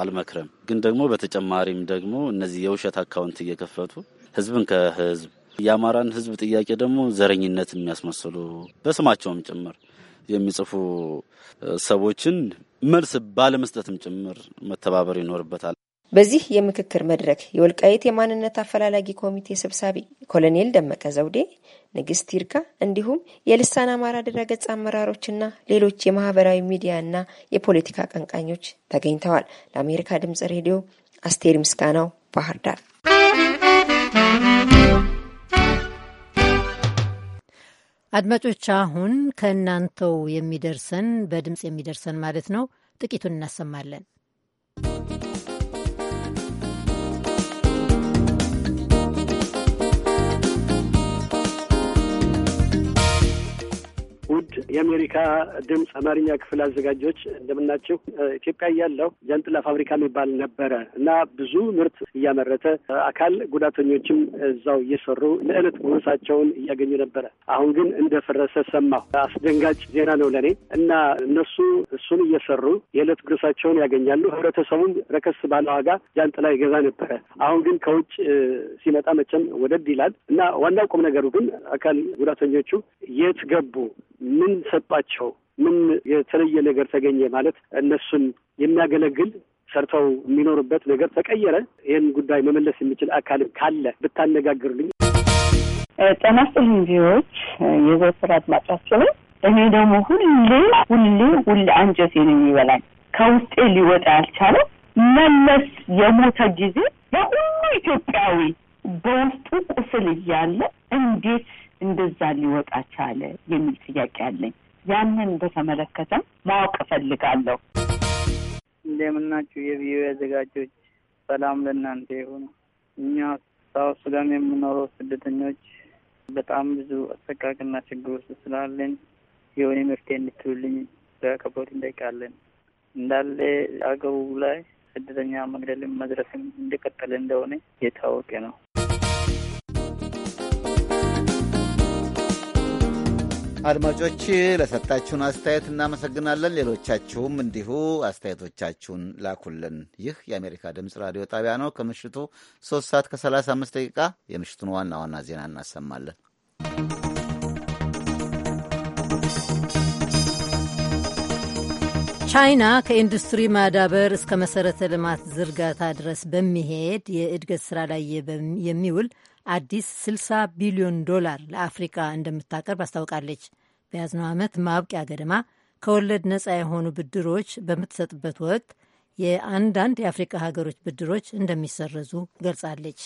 አልመክርም። ግን ደግሞ በተጨማሪም ደግሞ እነዚህ የውሸት አካውንት እየከፈቱ ህዝብን ከህዝብ የአማራን ህዝብ ጥያቄ ደግሞ ዘረኝነት የሚያስመስሉ በስማቸውም ጭምር የሚጽፉ ሰዎችን መልስ ባለመስጠትም ጭምር መተባበር ይኖርበታል። በዚህ የምክክር መድረክ የወልቃይት የማንነት አፈላላጊ ኮሚቴ ሰብሳቢ ኮሎኔል ደመቀ ዘውዴ፣ ንግስት ይርጋ እንዲሁም የልሳን አማራ ድረገጽ አመራሮችና ሌሎች የማህበራዊ ሚዲያና የፖለቲካ አቀንቃኞች ተገኝተዋል። ለአሜሪካ ድምጽ ሬዲዮ አስቴር ምስጋናው ባህር ዳር አድማጮች፣ አሁን ከእናንተው የሚደርሰን በድምፅ የሚደርሰን ማለት ነው ጥቂቱን እናሰማለን። ውድ የአሜሪካ ድምፅ አማርኛ ክፍል አዘጋጆች እንደምናቸው። ኢትዮጵያ እያለሁ ጃንጥላ ፋብሪካ የሚባል ነበረ እና ብዙ ምርት እያመረተ አካል ጉዳተኞችም እዛው እየሰሩ ለዕለት ጉርሳቸውን እያገኙ ነበረ። አሁን ግን እንደፈረሰ ሰማሁ። አስደንጋጭ ዜና ነው ለእኔ እና እነሱ እሱን እየሰሩ የዕለት ጉርሳቸውን ያገኛሉ። ህብረተሰቡም ረከስ ባለ ዋጋ ጃንጥላ ይገዛ ነበረ። አሁን ግን ከውጭ ሲመጣ መቼም ወደድ ይላል እና ዋናው ቁም ነገሩ ግን አካል ጉዳተኞቹ የት ገቡ ምን ሰጧቸው? ምን የተለየ ነገር ተገኘ? ማለት እነሱን የሚያገለግል ሰርተው የሚኖሩበት ነገር ተቀየረ? ይህን ጉዳይ መመለስ የሚችል አካልም ካለ ብታነጋግርልኝ። ጤና ይስጥልኝ ቪዎች የዘወትር አድማጫችን። እኔ ደግሞ ሁሌ ሁሌ ሁሌ ነው የሚበላኝ ከውስጤ ሊወጣ ያልቻለው መለስ የሞተ ጊዜ ለሁሉ ኢትዮጵያዊ በውስጡ ቁስል እያለ እንዴት እንደዛ ሊወጣ ቻለ የሚል ጥያቄ አለኝ። ያንን በተመለከተ ማወቅ እፈልጋለሁ። እንደምናችሁ የቪኦኤ አዘጋጆች፣ ሰላም ለእናንተ ይሁን። እኛ ሳውት ሱዳን የምኖረው ስደተኞች በጣም ብዙ አሰቃቅና ችግር ውስጥ ስላለን የሆነ መፍትሄ እንድትሉልኝ በከቦት እንጠይቃለን። እንዳለ አገሩ ላይ ስደተኛ መግደልም መዝረፍም እንደቀጠለ እንደሆነ የታወቀ ነው። አድማጮች ለሰጣችሁን አስተያየት እናመሰግናለን። ሌሎቻችሁም እንዲሁ አስተያየቶቻችሁን ላኩልን። ይህ የአሜሪካ ድምፅ ራዲዮ ጣቢያ ነው። ከምሽቱ 3 ሰዓት ከ35 ደቂቃ የምሽቱን ዋና ዋና ዜና እናሰማለን። ቻይና ከኢንዱስትሪ ማዳበር እስከ መሰረተ ልማት ዝርጋታ ድረስ በሚሄድ የእድገት ስራ ላይ የሚውል አዲስ 60 ቢሊዮን ዶላር ለአፍሪካ እንደምታቀርብ አስታውቃለች። በያዝነው ዓመት ማብቂያ ገደማ ከወለድ ነፃ የሆኑ ብድሮች በምትሰጥበት ወቅት የአንዳንድ የአፍሪካ ሀገሮች ብድሮች እንደሚሰረዙ ገልጻለች።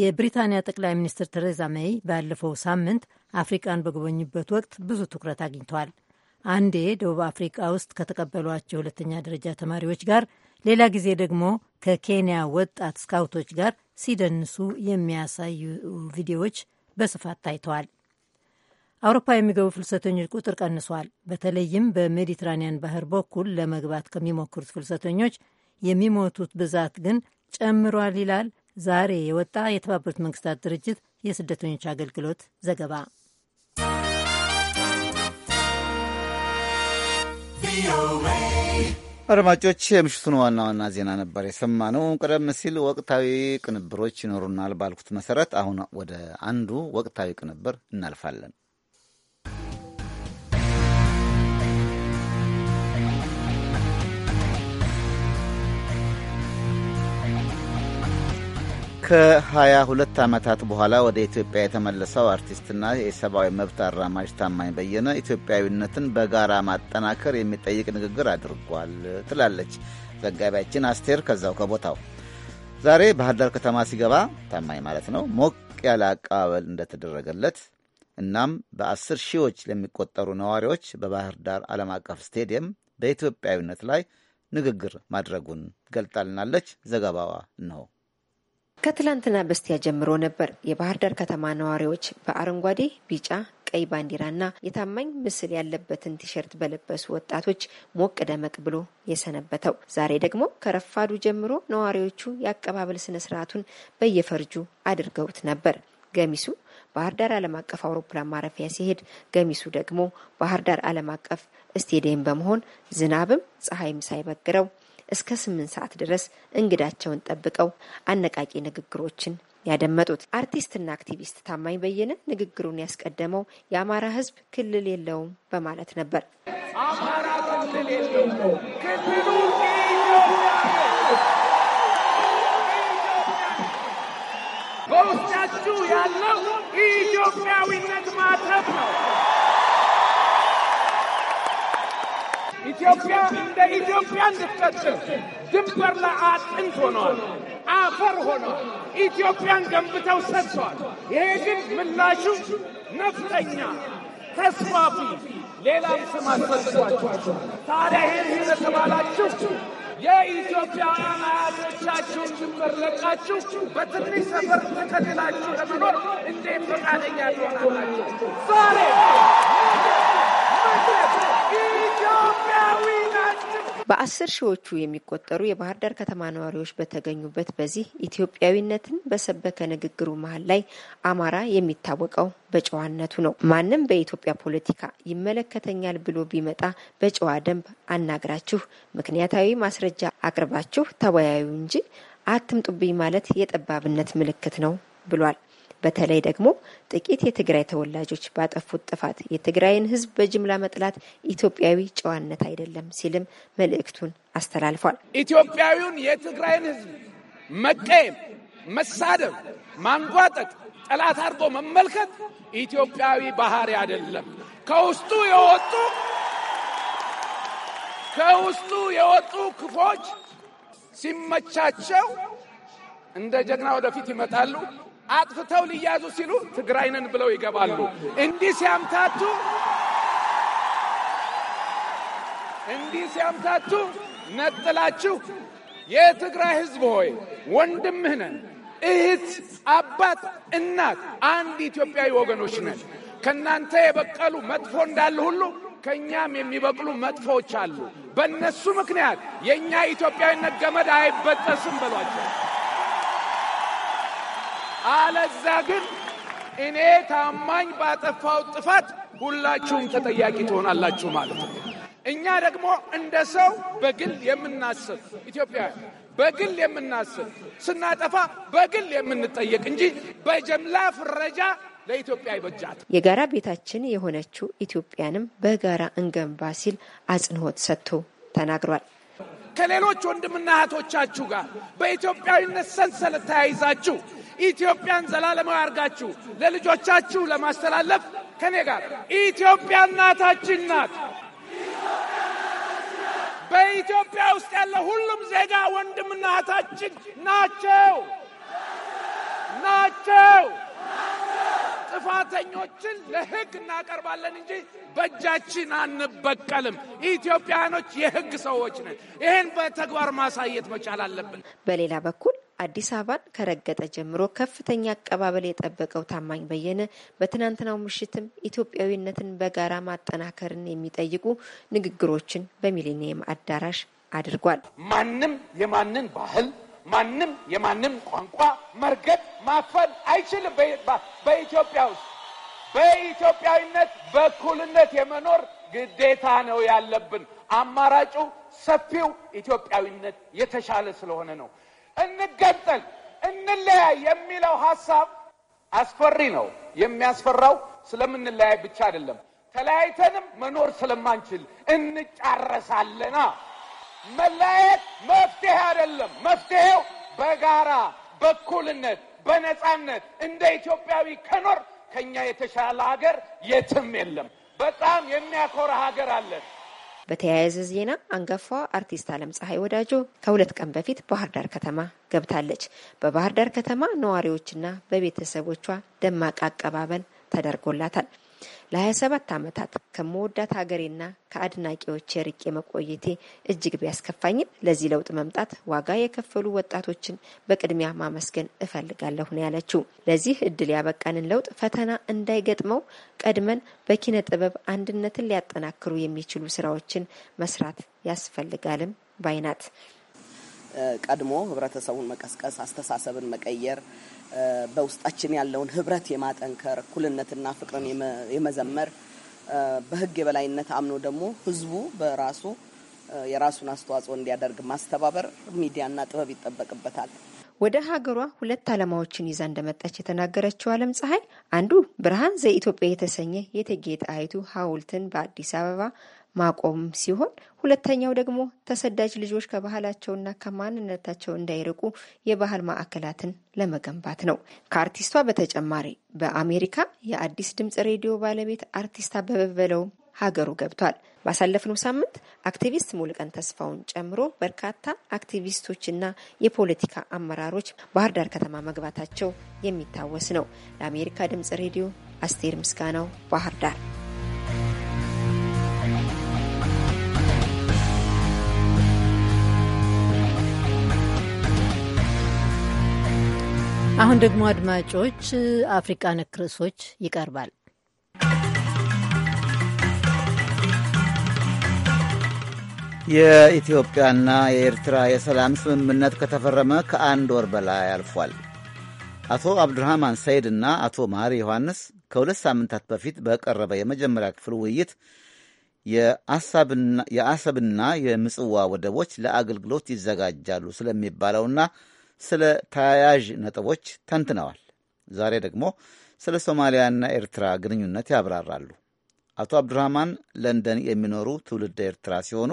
የብሪታንያ ጠቅላይ ሚኒስትር ተሬዛ ሜይ ባለፈው ሳምንት አፍሪቃን በጎበኙበት ወቅት ብዙ ትኩረት አግኝተዋል። አንዴ ደቡብ አፍሪቃ ውስጥ ከተቀበሏቸው የሁለተኛ ደረጃ ተማሪዎች ጋር፣ ሌላ ጊዜ ደግሞ ከኬንያ ወጣት ስካውቶች ጋር ሲደንሱ የሚያሳዩ ቪዲዮዎች በስፋት ታይተዋል። አውሮፓ የሚገቡ ፍልሰተኞች ቁጥር ቀንሷል። በተለይም በሜዲትራኒያን ባህር በኩል ለመግባት ከሚሞክሩት ፍልሰተኞች የሚሞቱት ብዛት ግን ጨምሯል ይላል ዛሬ የወጣ የተባበሩት መንግስታት ድርጅት የስደተኞች አገልግሎት ዘገባ። ቪኦኤ አድማጮች የምሽቱን ዋና ዋና ዜና ነበር የሰማነው። ቀደም ሲል ወቅታዊ ቅንብሮች ይኖሩናል ባልኩት መሰረት አሁን ወደ አንዱ ወቅታዊ ቅንብር እናልፋለን። ከ22 ዓመታት በኋላ ወደ ኢትዮጵያ የተመለሰው አርቲስትና የሰብአዊ መብት አራማጅ ታማኝ በየነ ኢትዮጵያዊነትን በጋራ ማጠናከር የሚጠይቅ ንግግር አድርጓል ትላለች ዘጋቢያችን አስቴር ከዛው ከቦታው። ዛሬ ባህር ዳር ከተማ ሲገባ ታማኝ ማለት ነው ሞቅ ያለ አቀባበል እንደተደረገለት እናም በአስር ሺዎች ለሚቆጠሩ ነዋሪዎች በባህር ዳር ዓለም አቀፍ ስቴዲየም በኢትዮጵያዊነት ላይ ንግግር ማድረጉን ገልጣልናለች። ዘገባዋ ነው። ከትላንትና በስቲያ ጀምሮ ነበር የባህር ዳር ከተማ ነዋሪዎች በአረንጓዴ፣ ቢጫ፣ ቀይ ባንዲራና የታማኝ ምስል ያለበትን ቲሸርት በለበሱ ወጣቶች ሞቅ ደመቅ ብሎ የሰነበተው። ዛሬ ደግሞ ከረፋዱ ጀምሮ ነዋሪዎቹ የአቀባበል ስነ ስርዓቱን በየፈርጁ አድርገውት ነበር። ገሚሱ ባህር ዳር ዓለም አቀፍ አውሮፕላን ማረፊያ ሲሄድ ገሚሱ ደግሞ ባህር ዳር ዓለም አቀፍ ስቴዲየም በመሆን ዝናብም ፀሐይም ሳይበግረው እስከ ስምንት ሰዓት ድረስ እንግዳቸውን ጠብቀው አነቃቂ ንግግሮችን ያደመጡት አርቲስትና አክቲቪስት ታማኝ በየነ ንግግሩን ያስቀደመው የአማራ ሕዝብ ክልል የለውም በማለት ነበር። አማራ ክልል የለውም፣ በውስጣችሁ ያለው ኢትዮጵያዊነት ማተብ ነው። ኢትዮጵያ እንደ ኢትዮጵያ እንድትቀጥል ድንበር ለአጥንት ሆኗል፣ አፈር ሆኗል። ኢትዮጵያን ገንብተው ሰጥተዋል። ይሄ ግን ምላሹ ነፍጠኛ፣ ተስፋፊ፣ ሌላም ስም አስፈልጓቸው። ታዲያ ይህን የተባላችሁ የኢትዮጵያ አያቶቻችሁን ድንበር ለቃችሁ በትንሽ ሰፈር ተከልላችሁ ለመኖር እንዴት ፈቃደኛ ትሆናላችሁ? ዛሬ በአስር ሺዎቹ የሚቆጠሩ የባህር ዳር ከተማ ነዋሪዎች በተገኙበት በዚህ ኢትዮጵያዊነትን በሰበከ ንግግሩ መሀል ላይ አማራ የሚታወቀው በጨዋነቱ ነው። ማንም በኢትዮጵያ ፖለቲካ ይመለከተኛል ብሎ ቢመጣ በጨዋ ደንብ አናግራችሁ፣ ምክንያታዊ ማስረጃ አቅርባችሁ ተወያዩ እንጂ አትምጡብኝ ማለት የጠባብነት ምልክት ነው ብሏል። በተለይ ደግሞ ጥቂት የትግራይ ተወላጆች ባጠፉት ጥፋት የትግራይን ህዝብ በጅምላ መጥላት ኢትዮጵያዊ ጨዋነት አይደለም ሲልም መልእክቱን አስተላልፏል። ኢትዮጵያዊውን የትግራይን ህዝብ መቀየም፣ መሳደብ፣ ማንጓጠጥ፣ ጠላት አድርጎ መመልከት ኢትዮጵያዊ ባህሪ አይደለም። ከውስጡ የወጡ ከውስጡ የወጡ ክፎች ሲመቻቸው እንደ ጀግና ወደፊት ይመጣሉ። አጥፍተው ሊያዙ ሲሉ ትግራይንን ብለው ይገባሉ። እንዲህ ሲያምታቱ እንዲህ ሲያምታቱ ነጥላችሁ የትግራይ ህዝብ ሆይ ወንድምህ ነን፣ እህት፣ አባት፣ እናት፣ አንድ ኢትዮጵያዊ ወገኖች ነን። ከእናንተ የበቀሉ መጥፎ እንዳለ ሁሉ ከእኛም የሚበቅሉ መጥፎዎች አሉ። በእነሱ ምክንያት የእኛ ኢትዮጵያዊነት ገመድ አይበጠስም በሏቸው። አለዛ ግን እኔ ታማኝ ባጠፋው ጥፋት ሁላችሁም ተጠያቂ ትሆናላችሁ ማለት ነው። እኛ ደግሞ እንደ ሰው በግል የምናስብ ኢትዮጵያ በግል የምናስብ ስናጠፋ በግል የምንጠየቅ እንጂ በጀምላ ፍረጃ ለኢትዮጵያ ይበጃት። የጋራ ቤታችን የሆነችው ኢትዮጵያንም በጋራ እንገንባ ሲል አጽንኦት ሰጥቶ ተናግሯል። ከሌሎች ወንድምና እህቶቻችሁ ጋር በኢትዮጵያዊነት ሰንሰለት ተያይዛችሁ ኢትዮጵያን ዘላለማዊ አድርጋችሁ ለልጆቻችሁ ለማስተላለፍ ከኔ ጋር ኢትዮጵያ እናታችን ናት። በኢትዮጵያ ውስጥ ያለ ሁሉም ዜጋ ወንድም እናታችን ናቸው ናቸው። ጥፋተኞችን ለሕግ እናቀርባለን እንጂ በእጃችን አንበቀልም። ኢትዮጵያኖች የሕግ ሰዎች ነን። ይህን በተግባር ማሳየት መቻል አለብን። በሌላ በኩል አዲስ አበባን ከረገጠ ጀምሮ ከፍተኛ አቀባበል የጠበቀው ታማኝ በየነ በትናንትናው ምሽትም ኢትዮጵያዊነትን በጋራ ማጠናከርን የሚጠይቁ ንግግሮችን በሚሊኒየም አዳራሽ አድርጓል። ማንም የማንን ባህል ማንም የማንም ቋንቋ መርገጥ፣ ማፈን አይችልም። በኢትዮጵያ ውስጥ በኢትዮጵያዊነት በእኩልነት የመኖር ግዴታ ነው ያለብን። አማራጩ ሰፊው ኢትዮጵያዊነት የተሻለ ስለሆነ ነው። እንገንጠል፣ እንለያይ የሚለው ሀሳብ አስፈሪ ነው። የሚያስፈራው ስለምንለያይ ብቻ አይደለም፣ ተለያይተንም መኖር ስለማንችል እንጫረሳለና መለያየት መፍትሄ አይደለም። መፍትሄው በጋራ በኩልነት በነፃነት እንደ ኢትዮጵያዊ ከኖር ከኛ የተሻለ ሀገር የትም የለም። በጣም የሚያኮራ ሀገር አለን። በተያያዘ ዜና አንጋፋ አርቲስት አለም ፀሐይ ወዳጆ ከሁለት ቀን በፊት ባህር ዳር ከተማ ገብታለች። በባህር ዳር ከተማ ነዋሪዎችና በቤተሰቦቿ ደማቅ አቀባበል ተደርጎላታል። ለ27 ዓመታት ከመወዳት ሀገሬና ከአድናቂዎች የርቄ መቆየቴ እጅግ ቢያስከፋኝም ለዚህ ለውጥ መምጣት ዋጋ የከፈሉ ወጣቶችን በቅድሚያ ማመስገን እፈልጋለሁ ነው ያለችው። ለዚህ እድል ያበቃንን ለውጥ ፈተና እንዳይገጥመው ቀድመን በኪነ ጥበብ አንድነትን ሊያጠናክሩ የሚችሉ ስራዎችን መስራት ያስፈልጋልም ባይናት ቀድሞ ህብረተሰቡን መቀስቀስ፣ አስተሳሰብን መቀየር በውስጣችን ያለውን ህብረት የማጠንከር እኩልነትና ፍቅርን የመዘመር በህግ የበላይነት አምኖ ደግሞ ህዝቡ በራሱ የራሱን አስተዋጽኦ እንዲያደርግ ማስተባበር ሚዲያና ጥበብ ይጠበቅበታል። ወደ ሀገሯ ሁለት ዓላማዎችን ይዛ እንደመጣች የተናገረችው አለም ፀሐይ አንዱ ብርሃን ዘኢትዮጵያ የተሰኘ የእቴጌ ጣይቱ ሐውልትን በአዲስ አበባ ማቆም ሲሆን ሁለተኛው ደግሞ ተሰዳጅ ልጆች ከባህላቸውና ከማንነታቸው እንዳይርቁ የባህል ማዕከላትን ለመገንባት ነው። ከአርቲስቷ በተጨማሪ በአሜሪካ የአዲስ ድምጽ ሬዲዮ ባለቤት አርቲስት አበበ ሀገሩ ገብቷል። ባሳለፍነው ሳምንት አክቲቪስት ሙልቀን ተስፋውን ጨምሮ በርካታ አክቲቪስቶችና የፖለቲካ አመራሮች ባህር ዳር ከተማ መግባታቸው የሚታወስ ነው። ለአሜሪካ ድምጽ ሬዲዮ አስቴር ምስጋናው ባህር ዳር አሁን ደግሞ አድማጮች አፍሪቃ ነክ ርዕሶች ይቀርባል። የኢትዮጵያና የኤርትራ የሰላም ስምምነት ከተፈረመ ከአንድ ወር በላይ አልፏል። አቶ አብዱርሃማን ሰይድ እና አቶ መሐሪ ዮሐንስ ከሁለት ሳምንታት በፊት በቀረበ የመጀመሪያ ክፍል ውይይት የአሰብና የምጽዋ ወደቦች ለአገልግሎት ይዘጋጃሉ ስለሚባለውና ስለ ተያያዥ ነጥቦች ተንትነዋል። ዛሬ ደግሞ ስለ ሶማሊያና ኤርትራ ግንኙነት ያብራራሉ። አቶ አብዱራህማን ለንደን የሚኖሩ ትውልድ ኤርትራ ሲሆኑ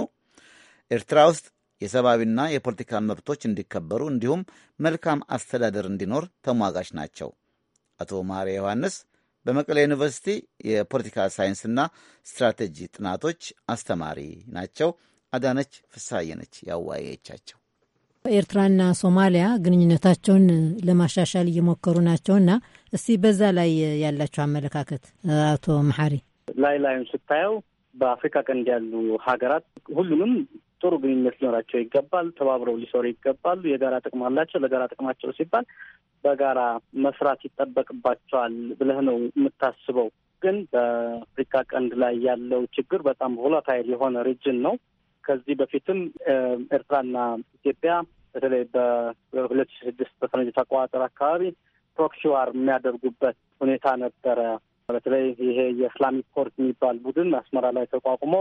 ኤርትራ ውስጥ የሰብአዊና የፖለቲካ መብቶች እንዲከበሩ እንዲሁም መልካም አስተዳደር እንዲኖር ተሟጋች ናቸው። አቶ ማሪ ዮሐንስ በመቀሌ ዩኒቨርሲቲ የፖለቲካ ሳይንስና ስትራቴጂ ጥናቶች አስተማሪ ናቸው። አዳነች ፍስሐዬ ነች ያወያየቻቸው። ኤርትራና ሶማሊያ ግንኙነታቸውን ለማሻሻል እየሞከሩ ናቸው እና እስቲ በዛ ላይ ያላቸው አመለካከት አቶ መሐሪ። ላይ ላዩን ስታየው በአፍሪካ ቀንድ ያሉ ሀገራት ሁሉንም ጥሩ ግንኙነት ሊኖራቸው ይገባል። ተባብረው ሊሰሩ ይገባሉ። የጋራ ጥቅም አላቸው። ለጋራ ጥቅማቸው ሲባል በጋራ መስራት ይጠበቅባቸዋል ብለህ ነው የምታስበው። ግን በአፍሪካ ቀንድ ላይ ያለው ችግር በጣም ቮላታይል የሆነ ሪጅን ነው። ከዚህ በፊትም ኤርትራና ኢትዮጵያ በተለይ በሁለት ሺ ስድስት በፈረንጆች አቆጣጠር አካባቢ ፕሮክሲ ዋር የሚያደርጉበት ሁኔታ ነበረ። በተለይ ይሄ የእስላሚክ ኮርት የሚባል ቡድን አስመራ ላይ ተቋቁሞ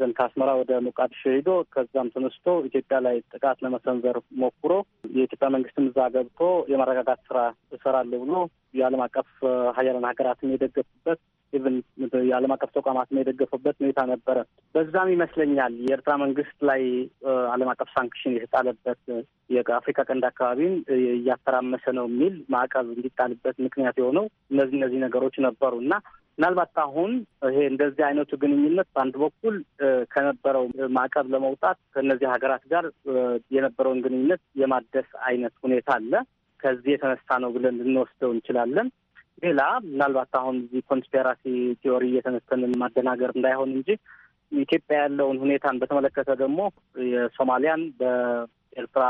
ዘን ከአስመራ ወደ ሞቃዲሾ ሄዶ ከዛም ተነስቶ ኢትዮጵያ ላይ ጥቃት ለመሰንዘር ሞክሮ የኢትዮጵያ መንግስትም እዛ ገብቶ የማረጋጋት ስራ እሰራለሁ ብሎ የዓለም አቀፍ ሀያላን ሀገራትን የደገፉበት ኢቨን የዓለም አቀፍ ተቋማት የደገፉበት ሁኔታ ነበረ። በዛም ይመስለኛል የኤርትራ መንግስት ላይ ዓለም አቀፍ ሳንክሽን የተጣለበት የአፍሪካ ቀንድ አካባቢን እያተራመሰ ነው የሚል ማዕቀብ እንዲጣልበት ምክንያት የሆነው እነዚህ እነዚህ ነገሮች ነበሩ እና ምናልባት አሁን ይሄ እንደዚህ አይነቱ ግንኙነት በአንድ በኩል ከነበረው ማዕቀብ ለመውጣት ከእነዚህ ሀገራት ጋር የነበረውን ግንኙነት የማደስ አይነት ሁኔታ አለ። ከዚህ የተነሳ ነው ብለን ልንወስደው እንችላለን። ሌላ ምናልባት አሁን እዚህ ኮንስፒራሲ ቲዮሪ እየተነተንን ማደናገር እንዳይሆን እንጂ ኢትዮጵያ ያለውን ሁኔታን በተመለከተ ደግሞ የሶማሊያን በኤርትራ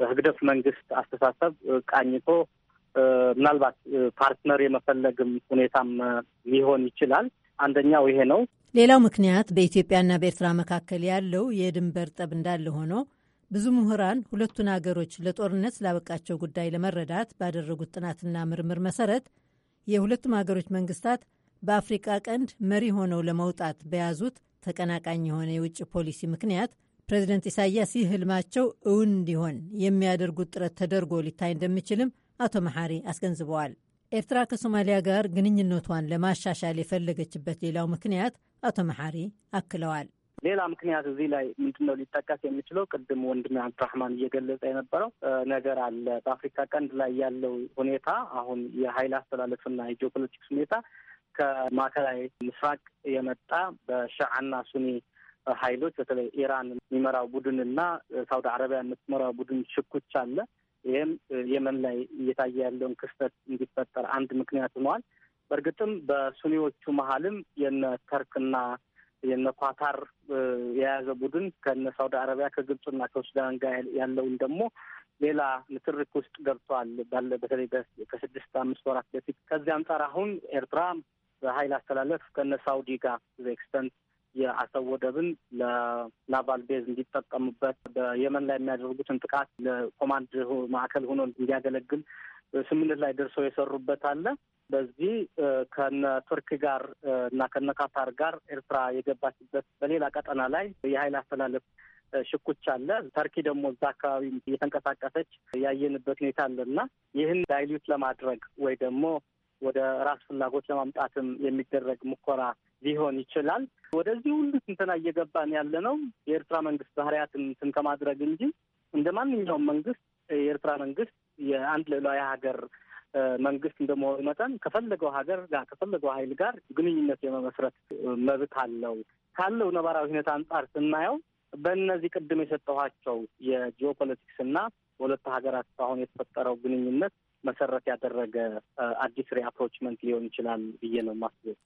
በህግደፍ መንግስት አስተሳሰብ ቃኝቶ ምናልባት ፓርትነር የመፈለግም ሁኔታም ሊሆን ይችላል። አንደኛው ይሄ ነው። ሌላው ምክንያት በኢትዮጵያና በኤርትራ መካከል ያለው የድንበር ጠብ እንዳለ ሆኖ ብዙ ምሁራን ሁለቱን አገሮች ለጦርነት ስላበቃቸው ጉዳይ ለመረዳት ባደረጉት ጥናትና ምርምር መሰረት የሁለቱም ሀገሮች መንግስታት በአፍሪቃ ቀንድ መሪ ሆነው ለመውጣት በያዙት ተቀናቃኝ የሆነ የውጭ ፖሊሲ ምክንያት ፕሬዚደንት ኢሳያስ ይህ ህልማቸው እውን እንዲሆን የሚያደርጉት ጥረት ተደርጎ ሊታይ እንደሚችልም አቶ መሐሪ አስገንዝበዋል። ኤርትራ ከሶማሊያ ጋር ግንኙነቷን ለማሻሻል የፈለገችበት ሌላው ምክንያት አቶ መሐሪ አክለዋል ሌላ ምክንያት እዚህ ላይ ምንድነው ሊጠቀስ የሚችለው? ቅድም ወንድሜ አብዱራህማን እየገለጸ የነበረው ነገር አለ። በአፍሪካ ቀንድ ላይ ያለው ሁኔታ አሁን የሀይል አስተላለፍና የጂኦፖለቲክስ ሁኔታ ከማዕከላዊ ምስራቅ የመጣ በሻዓና ሱኒ ሀይሎች በተለይ ኢራን የሚመራው ቡድን እና ሳውዲ አረቢያ የምትመራው ቡድን ሽኩች አለ። ይህም የመን ላይ እየታየ ያለውን ክስተት እንዲፈጠር አንድ ምክንያት ሆነዋል። በእርግጥም በሱኒዎቹ መሀልም የነ ተርክና የነ ኳታር የያዘ ቡድን ከነ ሳውዲ አረቢያ ከግብፅና ከሱዳን ጋር ያለውን ደግሞ ሌላ ንትርክ ውስጥ ገብቷል። ባለ በተለይ ከስድስት አምስት ወራት በፊት ከዚህ አንጻር አሁን ኤርትራ በሀይል አስተላለፍ ከነ ሳውዲ ጋር ኤክስተንት የአሰብ ወደብን ለናቫል ቤዝ እንዲጠቀሙበት በየመን ላይ የሚያደርጉትን ጥቃት ለኮማንድ ማዕከል ሆኖ እንዲያገለግል ስምምነት ላይ ደርሰው የሰሩበት አለ። በዚህ ከነ ቱርክ ጋር እና ከነ ካታር ጋር ኤርትራ የገባችበት በሌላ ቀጠና ላይ የኃይል አስተላለፍ ሽኩች አለ። ተርኪ ደግሞ እዛ አካባቢ እየተንቀሳቀሰች ያየንበት ሁኔታ አለ እና ይህን ዳይሉት ለማድረግ ወይ ደግሞ ወደ ራስ ፍላጎት ለማምጣትም የሚደረግ ሙከራ ሊሆን ይችላል። ወደዚህ ሁሉ ትንተና እየገባን ያለ ነው የኤርትራ መንግስት ባህርያትን ትን ከማድረግ እንጂ እንደ ማንኛውም መንግስት የኤርትራ መንግስት የአንድ ሉዓላዊ ሀገር መንግስት እንደመሆኑ መጠን ከፈለገው ሀገር ጋር ከፈለገው ሀይል ጋር ግንኙነት የመመስረት መብት አለው። ካለው ነባራዊ ሁኔታ አንጻር ስናየው በእነዚህ ቅድም የሰጠኋቸው የጂኦፖለቲክስ እና በሁለት ሀገራት አሁን የተፈጠረው ግንኙነት መሰረት ያደረገ አዲስ ሪአፕሮችመንት ሊሆን ይችላል ብዬ ነው የማስበው።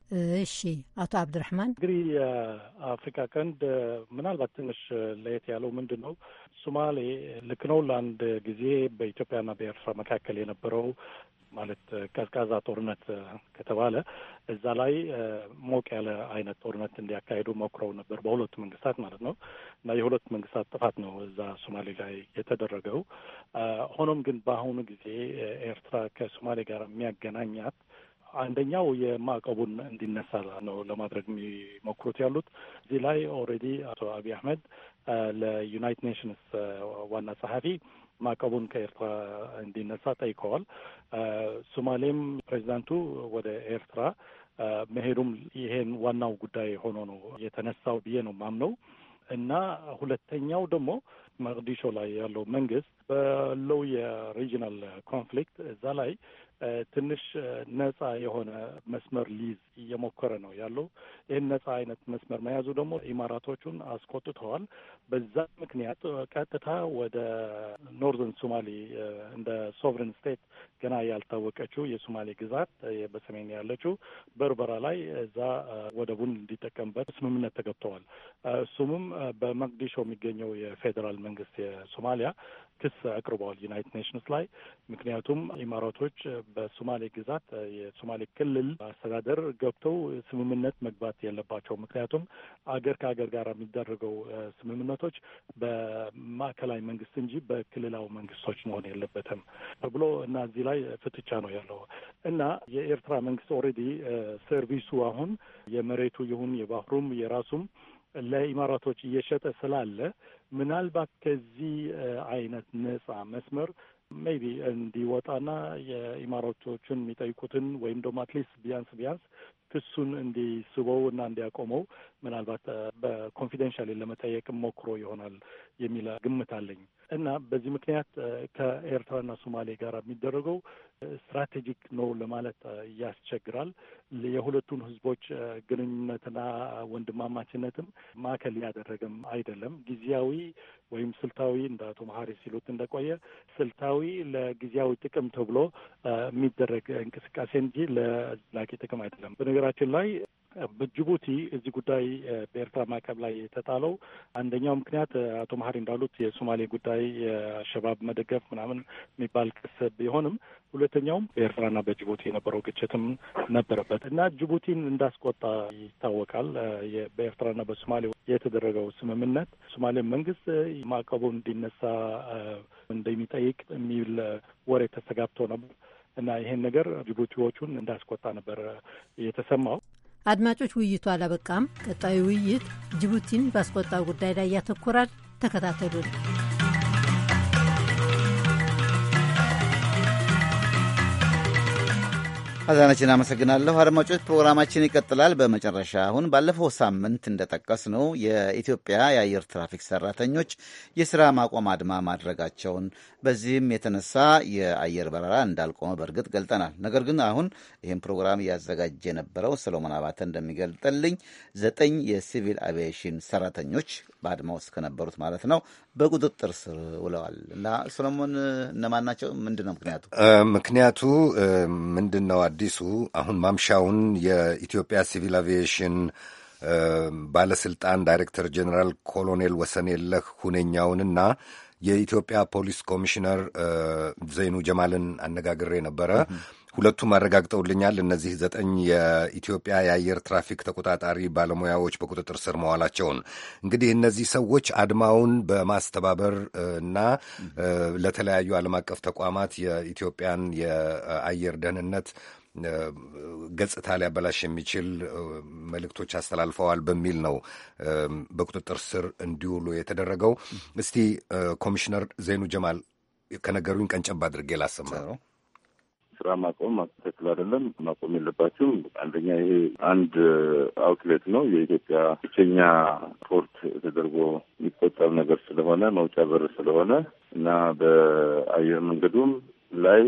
እሺ፣ አቶ አብድራህማን እንግዲህ የአፍሪካ ቀንድ ምናልባት ትንሽ ለየት ያለው ምንድን ነው ሶማሌ ልክ ነው። ለአንድ ጊዜ በኢትዮጵያና በኤርትራ መካከል የነበረው ማለት ቀዝቃዛ ጦርነት ከተባለ እዛ ላይ ሞቅ ያለ አይነት ጦርነት እንዲያካሄዱ ሞክረው ነበር፣ በሁለቱ መንግስታት ማለት ነው። እና የሁለቱ መንግስታት ጥፋት ነው እዛ ሶማሌ ላይ የተደረገው። ሆኖም ግን በአሁኑ ጊዜ ኤርትራ ከሶማሌ ጋር የሚያገናኛት አንደኛው የማዕቀቡን እንዲነሳ ነው ለማድረግ የሚሞክሩት ያሉት። እዚህ ላይ ኦልሬዲ አቶ አብይ አህመድ ለዩናይትድ ኔሽንስ ዋና ጸሐፊ ማዕቀቡን ከኤርትራ እንዲነሳ ጠይቀዋል። ሶማሌም ፕሬዚዳንቱ ወደ ኤርትራ መሄዱም ይሄን ዋናው ጉዳይ ሆኖ ነው የተነሳው ብዬ ነው ማምነው እና ሁለተኛው ደግሞ መቅዲሾ ላይ ያለው መንግስት ባለው የሪጂናል ኮንፍሊክት እዛ ላይ ትንሽ ነጻ የሆነ መስመር ሊይዝ እየሞከረ ነው ያለው። ይህን ነጻ አይነት መስመር መያዙ ደግሞ ኢማራቶቹን አስቆጥተዋል። በዛ ምክንያት ቀጥታ ወደ ኖርዘርን ሶማሌ እንደ ሶቨሬን ስቴት ገና ያልታወቀችው የሶማሌ ግዛት በሰሜን ያለችው በርበራ ላይ እዛ ወደቡን እንዲጠቀምበት ስምምነት ተገብተዋል። እሱምም በመቅዲሾ የሚገኘው የፌዴራል መንግስት የሶማሊያ ክስ አቅርበዋል ዩናይትድ ኔሽንስ ላይ። ምክንያቱም ኢማራቶች በሶማሌ ግዛት የሶማሌ ክልል አስተዳደር ገብተው ስምምነት መግባት የለባቸው። ምክንያቱም አገር ከአገር ጋር የሚደረገው ስምምነቶች በማዕከላዊ መንግስት እንጂ በክልላዊ መንግስቶች መሆን የለበትም ተብሎ እና እዚህ ላይ ፍጥጫ ነው ያለው እና የኤርትራ መንግስት ኦልሬዲ ሰርቪሱ አሁን የመሬቱ ይሁን የባህሩም የራሱም ለኢማራቶች እየሸጠ ስላለ ምናልባት ከዚህ አይነት ነጻ መስመር ሜቢ እንዲወጣና የኢማራቶቹን የሚጠይቁትን ወይም ደግሞ አትሊስት ቢያንስ ቢያንስ ክሱን እንዲስበው እና እንዲያቆመው ምናልባት በኮንፊደንሻል ለመጠየቅ ሞክሮ ይሆናል የሚል ግምት አለኝ እና በዚህ ምክንያት ከኤርትራና ሶማሌ ጋር የሚደረገው ስትራቴጂክ ነው ለማለት ያስቸግራል። የሁለቱን ህዝቦች ግንኙነትና ወንድማማችነትም ማዕከል ያደረገም አይደለም። ጊዜያዊ ወይም ስልታዊ እንደ አቶ መሀሪ ሲሉት እንደቆየ ስልታዊ ለጊዜያዊ ጥቅም ተብሎ የሚደረግ እንቅስቃሴ እንጂ ለዘላቂ ጥቅም አይደለም። በነገራችን ላይ በጅቡቲ እዚህ ጉዳይ በኤርትራ ማዕቀብ ላይ የተጣለው አንደኛው ምክንያት አቶ መሀሪ እንዳሉት የሶማሌ ጉዳይ የአሸባብ መደገፍ ምናምን የሚባል ክስ ቢሆንም ሁለተኛውም በኤርትራና በጅቡቲ የነበረው ግጭትም ነበረበት እና ጅቡቲን እንዳስቆጣ ይታወቃል። በኤርትራና በሶማሌ የተደረገው ስምምነት ሶማሌ መንግስት ማዕቀቡ እንዲነሳ እንደሚጠይቅ የሚል ወሬ ተስተጋብቶ ነበር። እና ይሄን ነገር ጅቡቲዎቹን እንዳስቆጣ ነበር የተሰማው። አድማጮች፣ ውይይቱ አላበቃም። ቀጣዩ ውይይት ጅቡቲን ባስቆጣው ጉዳይ ላይ ያተኮራል። ተከታተሉን። አዛናችን አመሰግናለሁ። አድማጮች ፕሮግራማችን ይቀጥላል። በመጨረሻ አሁን ባለፈው ሳምንት እንደጠቀስ ነው የኢትዮጵያ የአየር ትራፊክ ሰራተኞች የስራ ማቆም አድማ ማድረጋቸውን፣ በዚህም የተነሳ የአየር በረራ እንዳልቆመ በእርግጥ ገልጠናል። ነገር ግን አሁን ይህም ፕሮግራም እያዘጋጀ የነበረው ሰሎሞን አባተ እንደሚገልጠልኝ ዘጠኝ የሲቪል አቪዬሽን ሰራተኞች በአድማ ውስጥ ከነበሩት ማለት ነው በቁጥጥር ስር ውለዋል እና ሰሎሞን እነማን ናቸው? ምንድን ነው ምክንያቱ ምክንያቱ ምንድን ነው? አዲሱ አሁን ማምሻውን የኢትዮጵያ ሲቪል አቪዬሽን ባለስልጣን ዳይሬክተር ጀኔራል ኮሎኔል ወሰን የለህ ሁነኛውንና የኢትዮጵያ ፖሊስ ኮሚሽነር ዘይኑ ጀማልን አነጋግሬ ነበረ። ሁለቱም አረጋግጠውልኛል። እነዚህ ዘጠኝ የኢትዮጵያ የአየር ትራፊክ ተቆጣጣሪ ባለሙያዎች በቁጥጥር ስር መዋላቸውን። እንግዲህ እነዚህ ሰዎች አድማውን በማስተባበር እና ለተለያዩ ዓለም አቀፍ ተቋማት የኢትዮጵያን የአየር ደህንነት ገጽታ ሊያበላሽ የሚችል መልእክቶች አስተላልፈዋል በሚል ነው በቁጥጥር ስር እንዲውሉ የተደረገው። እስቲ ኮሚሽነር ዜኑ ጀማል ከነገሩኝ ቀንጨብ አድርጌ ላሰማ ነው። ስራ ማቆም ትክክል አይደለም። ማቆም የለባቸውም። አንደኛ ይሄ አንድ አውትሌት ነው፣ የኢትዮጵያ ብቸኛ ፖርት ተደርጎ የሚቆጠር ነገር ስለሆነ መውጫ በር ስለሆነ እና በአየር መንገዱም ላይ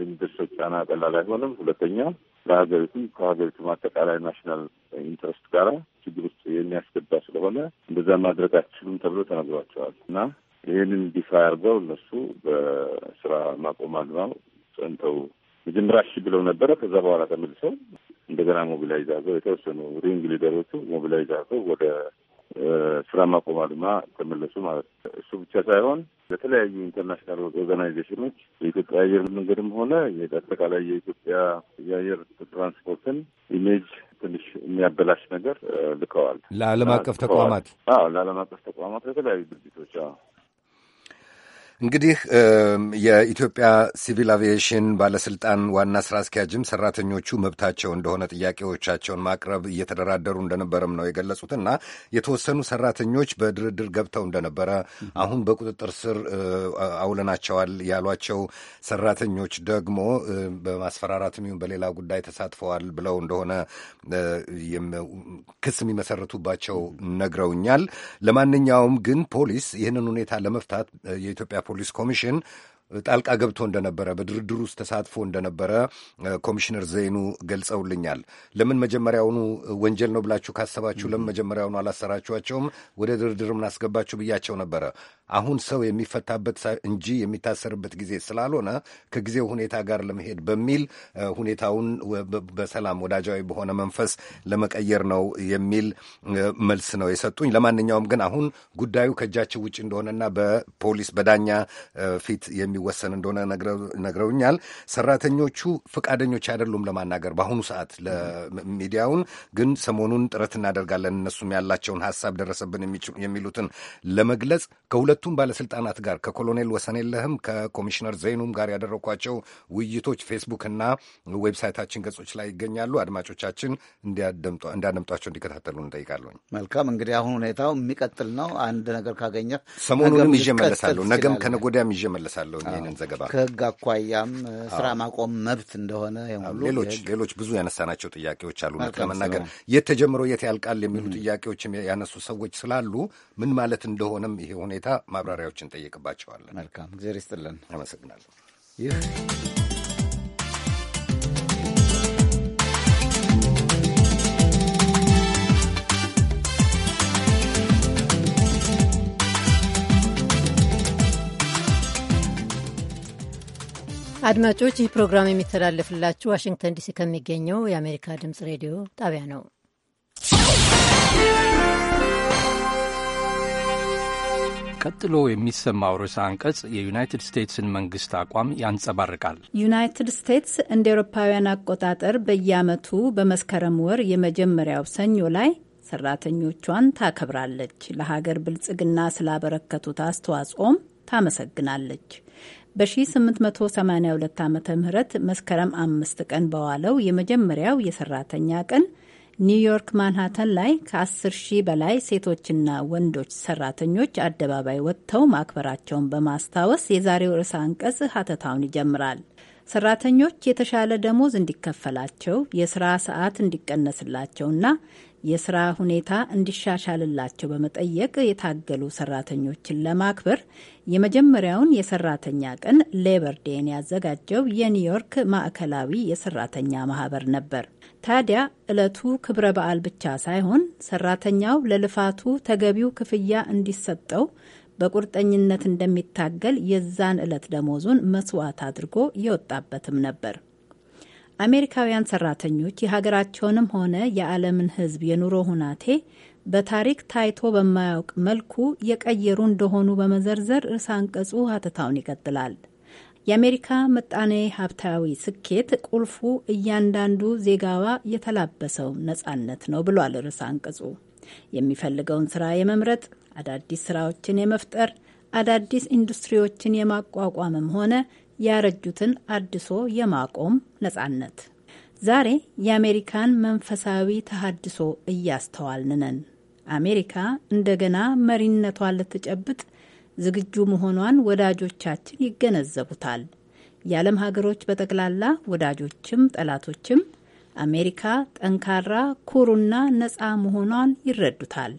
የሚደርሰው ጫና ቀላል አይሆንም። ሁለተኛ ለሀገሪቱ ከሀገሪቱ አጠቃላይ ናሽናል ኢንትረስት ጋር ችግር ውስጥ የሚያስገባ ስለሆነ እንደዛ ማድረግ አትችሉም ተብሎ ተነግሯቸዋል እና ይህንን ዲፋ አድርገው እነሱ በስራ ማቆም አድማው ጸንተው መጀመሪያ እሺ ብለው ነበረ። ከዛ በኋላ ተመልሰው እንደገና ሞቢላይዝ አድርገው የተወሰኑ ሪንግ ሊደሮቹ ሞቢላይዝ አድርገው ወደ ስራ ማቆም አድማ ተመለሱ ማለት ነው። እሱ ብቻ ሳይሆን ለተለያዩ ኢንተርናሽናል ኦርጋናይዜሽኖች የኢትዮጵያ አየር መንገድም ሆነ አጠቃላይ የኢትዮጵያ የአየር ትራንስፖርትን ኢሜጅ ትንሽ የሚያበላሽ ነገር ልከዋል። ለዓለም አቀፍ ተቋማት ለዓለም አቀፍ ተቋማት ለተለያዩ ድርጅቶች እንግዲህ የኢትዮጵያ ሲቪል አቪዬሽን ባለስልጣን ዋና ስራ አስኪያጅም ሰራተኞቹ መብታቸው እንደሆነ ጥያቄዎቻቸውን ማቅረብ እየተደራደሩ እንደነበረም ነው የገለጹትና የተወሰኑ ሰራተኞች በድርድር ገብተው እንደነበረ አሁን በቁጥጥር ስር አውለናቸዋል ያሏቸው ሰራተኞች ደግሞ በማስፈራራትም ይሁን በሌላ ጉዳይ ተሳትፈዋል ብለው እንደሆነ ክስ የሚመሰረቱባቸው ነግረውኛል። ለማንኛውም ግን ፖሊስ ይህንን ሁኔታ ለመፍታት የኢትዮጵያ ፖሊስ ኮሚሽን ጣልቃ ገብቶ እንደነበረ በድርድር ውስጥ ተሳትፎ እንደነበረ ኮሚሽነር ዘይኑ ገልጸውልኛል። ለምን መጀመሪያውኑ ወንጀል ነው ብላችሁ ካሰባችሁ ለምን መጀመሪያውኑ አላሰራችኋቸውም? ወደ ድርድር ምናስገባችሁ ብያቸው ነበረ። አሁን ሰው የሚፈታበት እንጂ የሚታሰርበት ጊዜ ስላልሆነ ከጊዜው ሁኔታ ጋር ለመሄድ በሚል ሁኔታውን በሰላም ወዳጃዊ በሆነ መንፈስ ለመቀየር ነው የሚል መልስ ነው የሰጡኝ። ለማንኛውም ግን አሁን ጉዳዩ ከእጃቸው ውጭ እንደሆነና በፖሊስ በዳኛ ፊት የሚ የሚወሰን እንደሆነ ነግረውኛል። ሰራተኞቹ ፈቃደኞች አይደሉም ለማናገር በአሁኑ ሰዓት ለሚዲያውን። ግን ሰሞኑን ጥረት እናደርጋለን እነሱም ያላቸውን ሀሳብ ደረሰብን የሚሉትን ለመግለጽ ከሁለቱም ባለስልጣናት ጋር ከኮሎኔል ወሰንየለህም ከኮሚሽነር ዘይኑም ጋር ያደረኳቸው ውይይቶች ፌስቡክ እና ዌብሳይታችን ገጾች ላይ ይገኛሉ። አድማጮቻችን እንዲያደምጧቸው እንዲከታተሉ እንጠይቃለሁ። መልካም እንግዲህ አሁን ሁኔታው የሚቀጥል ነው። አንድ ነገር ካገኘ ሰሞኑንም ይዤ መለሳለሁ። ነገም ከነጎዳያም ይዤ መለሳለሁ። ይህንን ዘገባ ከህግ አኳያም ስራ ማቆም መብት እንደሆነ ሌሎች ሌሎች ብዙ ያነሳናቸው ጥያቄዎች አሉ። እውነት ለመናገር የት ተጀምሮ የት ያልቃል የሚሉ ጥያቄዎችም ያነሱ ሰዎች ስላሉ ምን ማለት እንደሆነም ይሄ ሁኔታ ማብራሪያዎችን ጠይቅባቸዋለን። መልካም እግዚአብሔር ይስጥልን። አመሰግናለሁ። ይህ አድማጮች ይህ ፕሮግራም የሚተላለፍላችሁ ዋሽንግተን ዲሲ ከሚገኘው የአሜሪካ ድምፅ ሬዲዮ ጣቢያ ነው። ቀጥሎ የሚሰማው ርዕሰ አንቀጽ የዩናይትድ ስቴትስን መንግስት አቋም ያንጸባርቃል። ዩናይትድ ስቴትስ እንደ ኤሮፓውያን አቆጣጠር በየዓመቱ በመስከረም ወር የመጀመሪያው ሰኞ ላይ ሰራተኞቿን ታከብራለች። ለሀገር ብልጽግና ስላበረከቱት አስተዋጽኦም ታመሰግናለች። በ1882 ዓ ም መስከረም አምስት ቀን በዋለው የመጀመሪያው የሰራተኛ ቀን ኒውዮርክ ማንሃተን ላይ ከ10 ሺህ በላይ ሴቶችና ወንዶች ሰራተኞች አደባባይ ወጥተው ማክበራቸውን በማስታወስ የዛሬው ርዕሰ አንቀጽ ሀተታውን ይጀምራል። ሰራተኞች የተሻለ ደሞዝ እንዲከፈላቸው፣ የስራ ሰዓት እንዲቀነስላቸውና የስራ ሁኔታ እንዲሻሻልላቸው በመጠየቅ የታገሉ ሰራተኞችን ለማክበር የመጀመሪያውን የሰራተኛ ቀን ሌበር ዴን ያዘጋጀው የኒውዮርክ ማዕከላዊ የሰራተኛ ማህበር ነበር። ታዲያ ዕለቱ ክብረ በዓል ብቻ ሳይሆን ሰራተኛው ለልፋቱ ተገቢው ክፍያ እንዲሰጠው በቁርጠኝነት እንደሚታገል የዛን ዕለት ደሞዙን መስዋዕት አድርጎ የወጣበትም ነበር። አሜሪካውያን ሰራተኞች የሀገራቸውንም ሆነ የዓለምን ሕዝብ የኑሮ ሁናቴ በታሪክ ታይቶ በማያውቅ መልኩ የቀየሩ እንደሆኑ በመዘርዘር ርዕሰ አንቀጹ ሀተታውን ይቀጥላል። የአሜሪካ ምጣኔ ሀብታዊ ስኬት ቁልፉ እያንዳንዱ ዜጋዋ የተላበሰው ነጻነት ነው ብሏል ርዕሰ አንቀጹ። የሚፈልገውን ስራ የመምረጥ አዳዲስ ስራዎችን የመፍጠር አዳዲስ ኢንዱስትሪዎችን የማቋቋምም ሆነ ያረጁትን አድሶ የማቆም ነጻነት። ዛሬ የአሜሪካን መንፈሳዊ ተሃድሶ እያስተዋልን ነን። አሜሪካ እንደገና መሪነቷን ልትጨብጥ ዝግጁ መሆኗን ወዳጆቻችን ይገነዘቡታል። የዓለም ሀገሮች በጠቅላላ ወዳጆችም ጠላቶችም አሜሪካ ጠንካራ ኩሩና ነፃ መሆኗን ይረዱታል።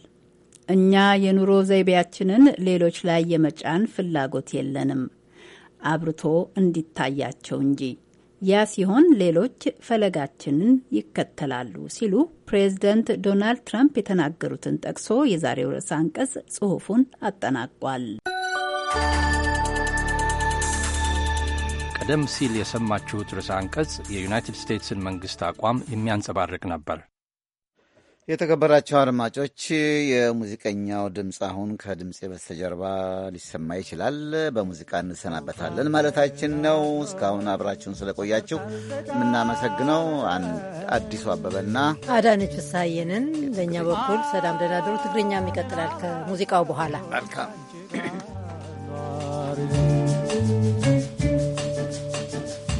እኛ የኑሮ ዘይቤያችንን ሌሎች ላይ የመጫን ፍላጎት የለንም፣ አብርቶ እንዲታያቸው እንጂ። ያ ሲሆን ሌሎች ፈለጋችንን ይከተላሉ ሲሉ ፕሬዝደንት ዶናልድ ትራምፕ የተናገሩትን ጠቅሶ የዛሬው ርዕሰ አንቀጽ ጽሑፉን አጠናቋል። ቀደም ሲል የሰማችሁት ርዕሰ አንቀጽ የዩናይትድ ስቴትስን መንግሥት አቋም የሚያንጸባርቅ ነበር። የተከበራቸው አድማጮች የሙዚቀኛው ድምፅ አሁን ከድምፄ በስተጀርባ ሊሰማ ይችላል። በሙዚቃ እንሰናበታለን ማለታችን ነው። እስካሁን አብራችሁን ስለቆያችሁ የምናመሰግነው አዲሱ አበበና አዳነች ሳየንን በእኛ በኩል ሰላም ደህና ደሩ። ትግርኛም ይቀጥላል ከሙዚቃው በኋላ መልካም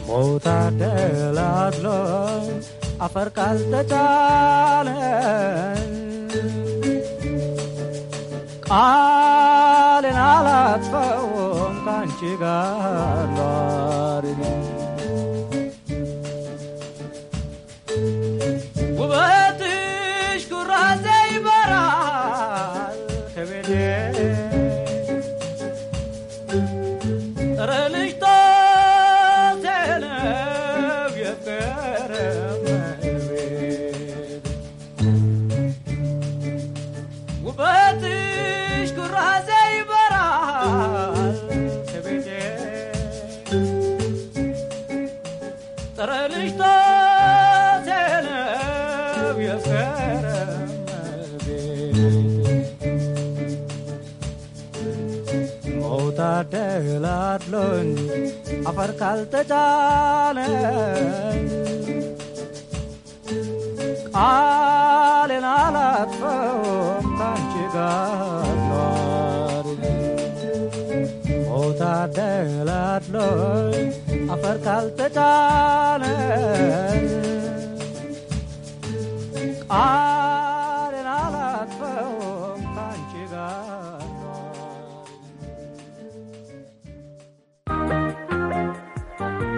ሞታ ደላድሎ አፈር ካልተቻለ ቃልን አላጥፈውም ካንቺ ጋር ሆን አፈር ካልተጫነ ቃሌን አላጥፈውም ካንቺ ጋር ቦታ ወታደላድሎይ አፈር ካልተጫነ ቃ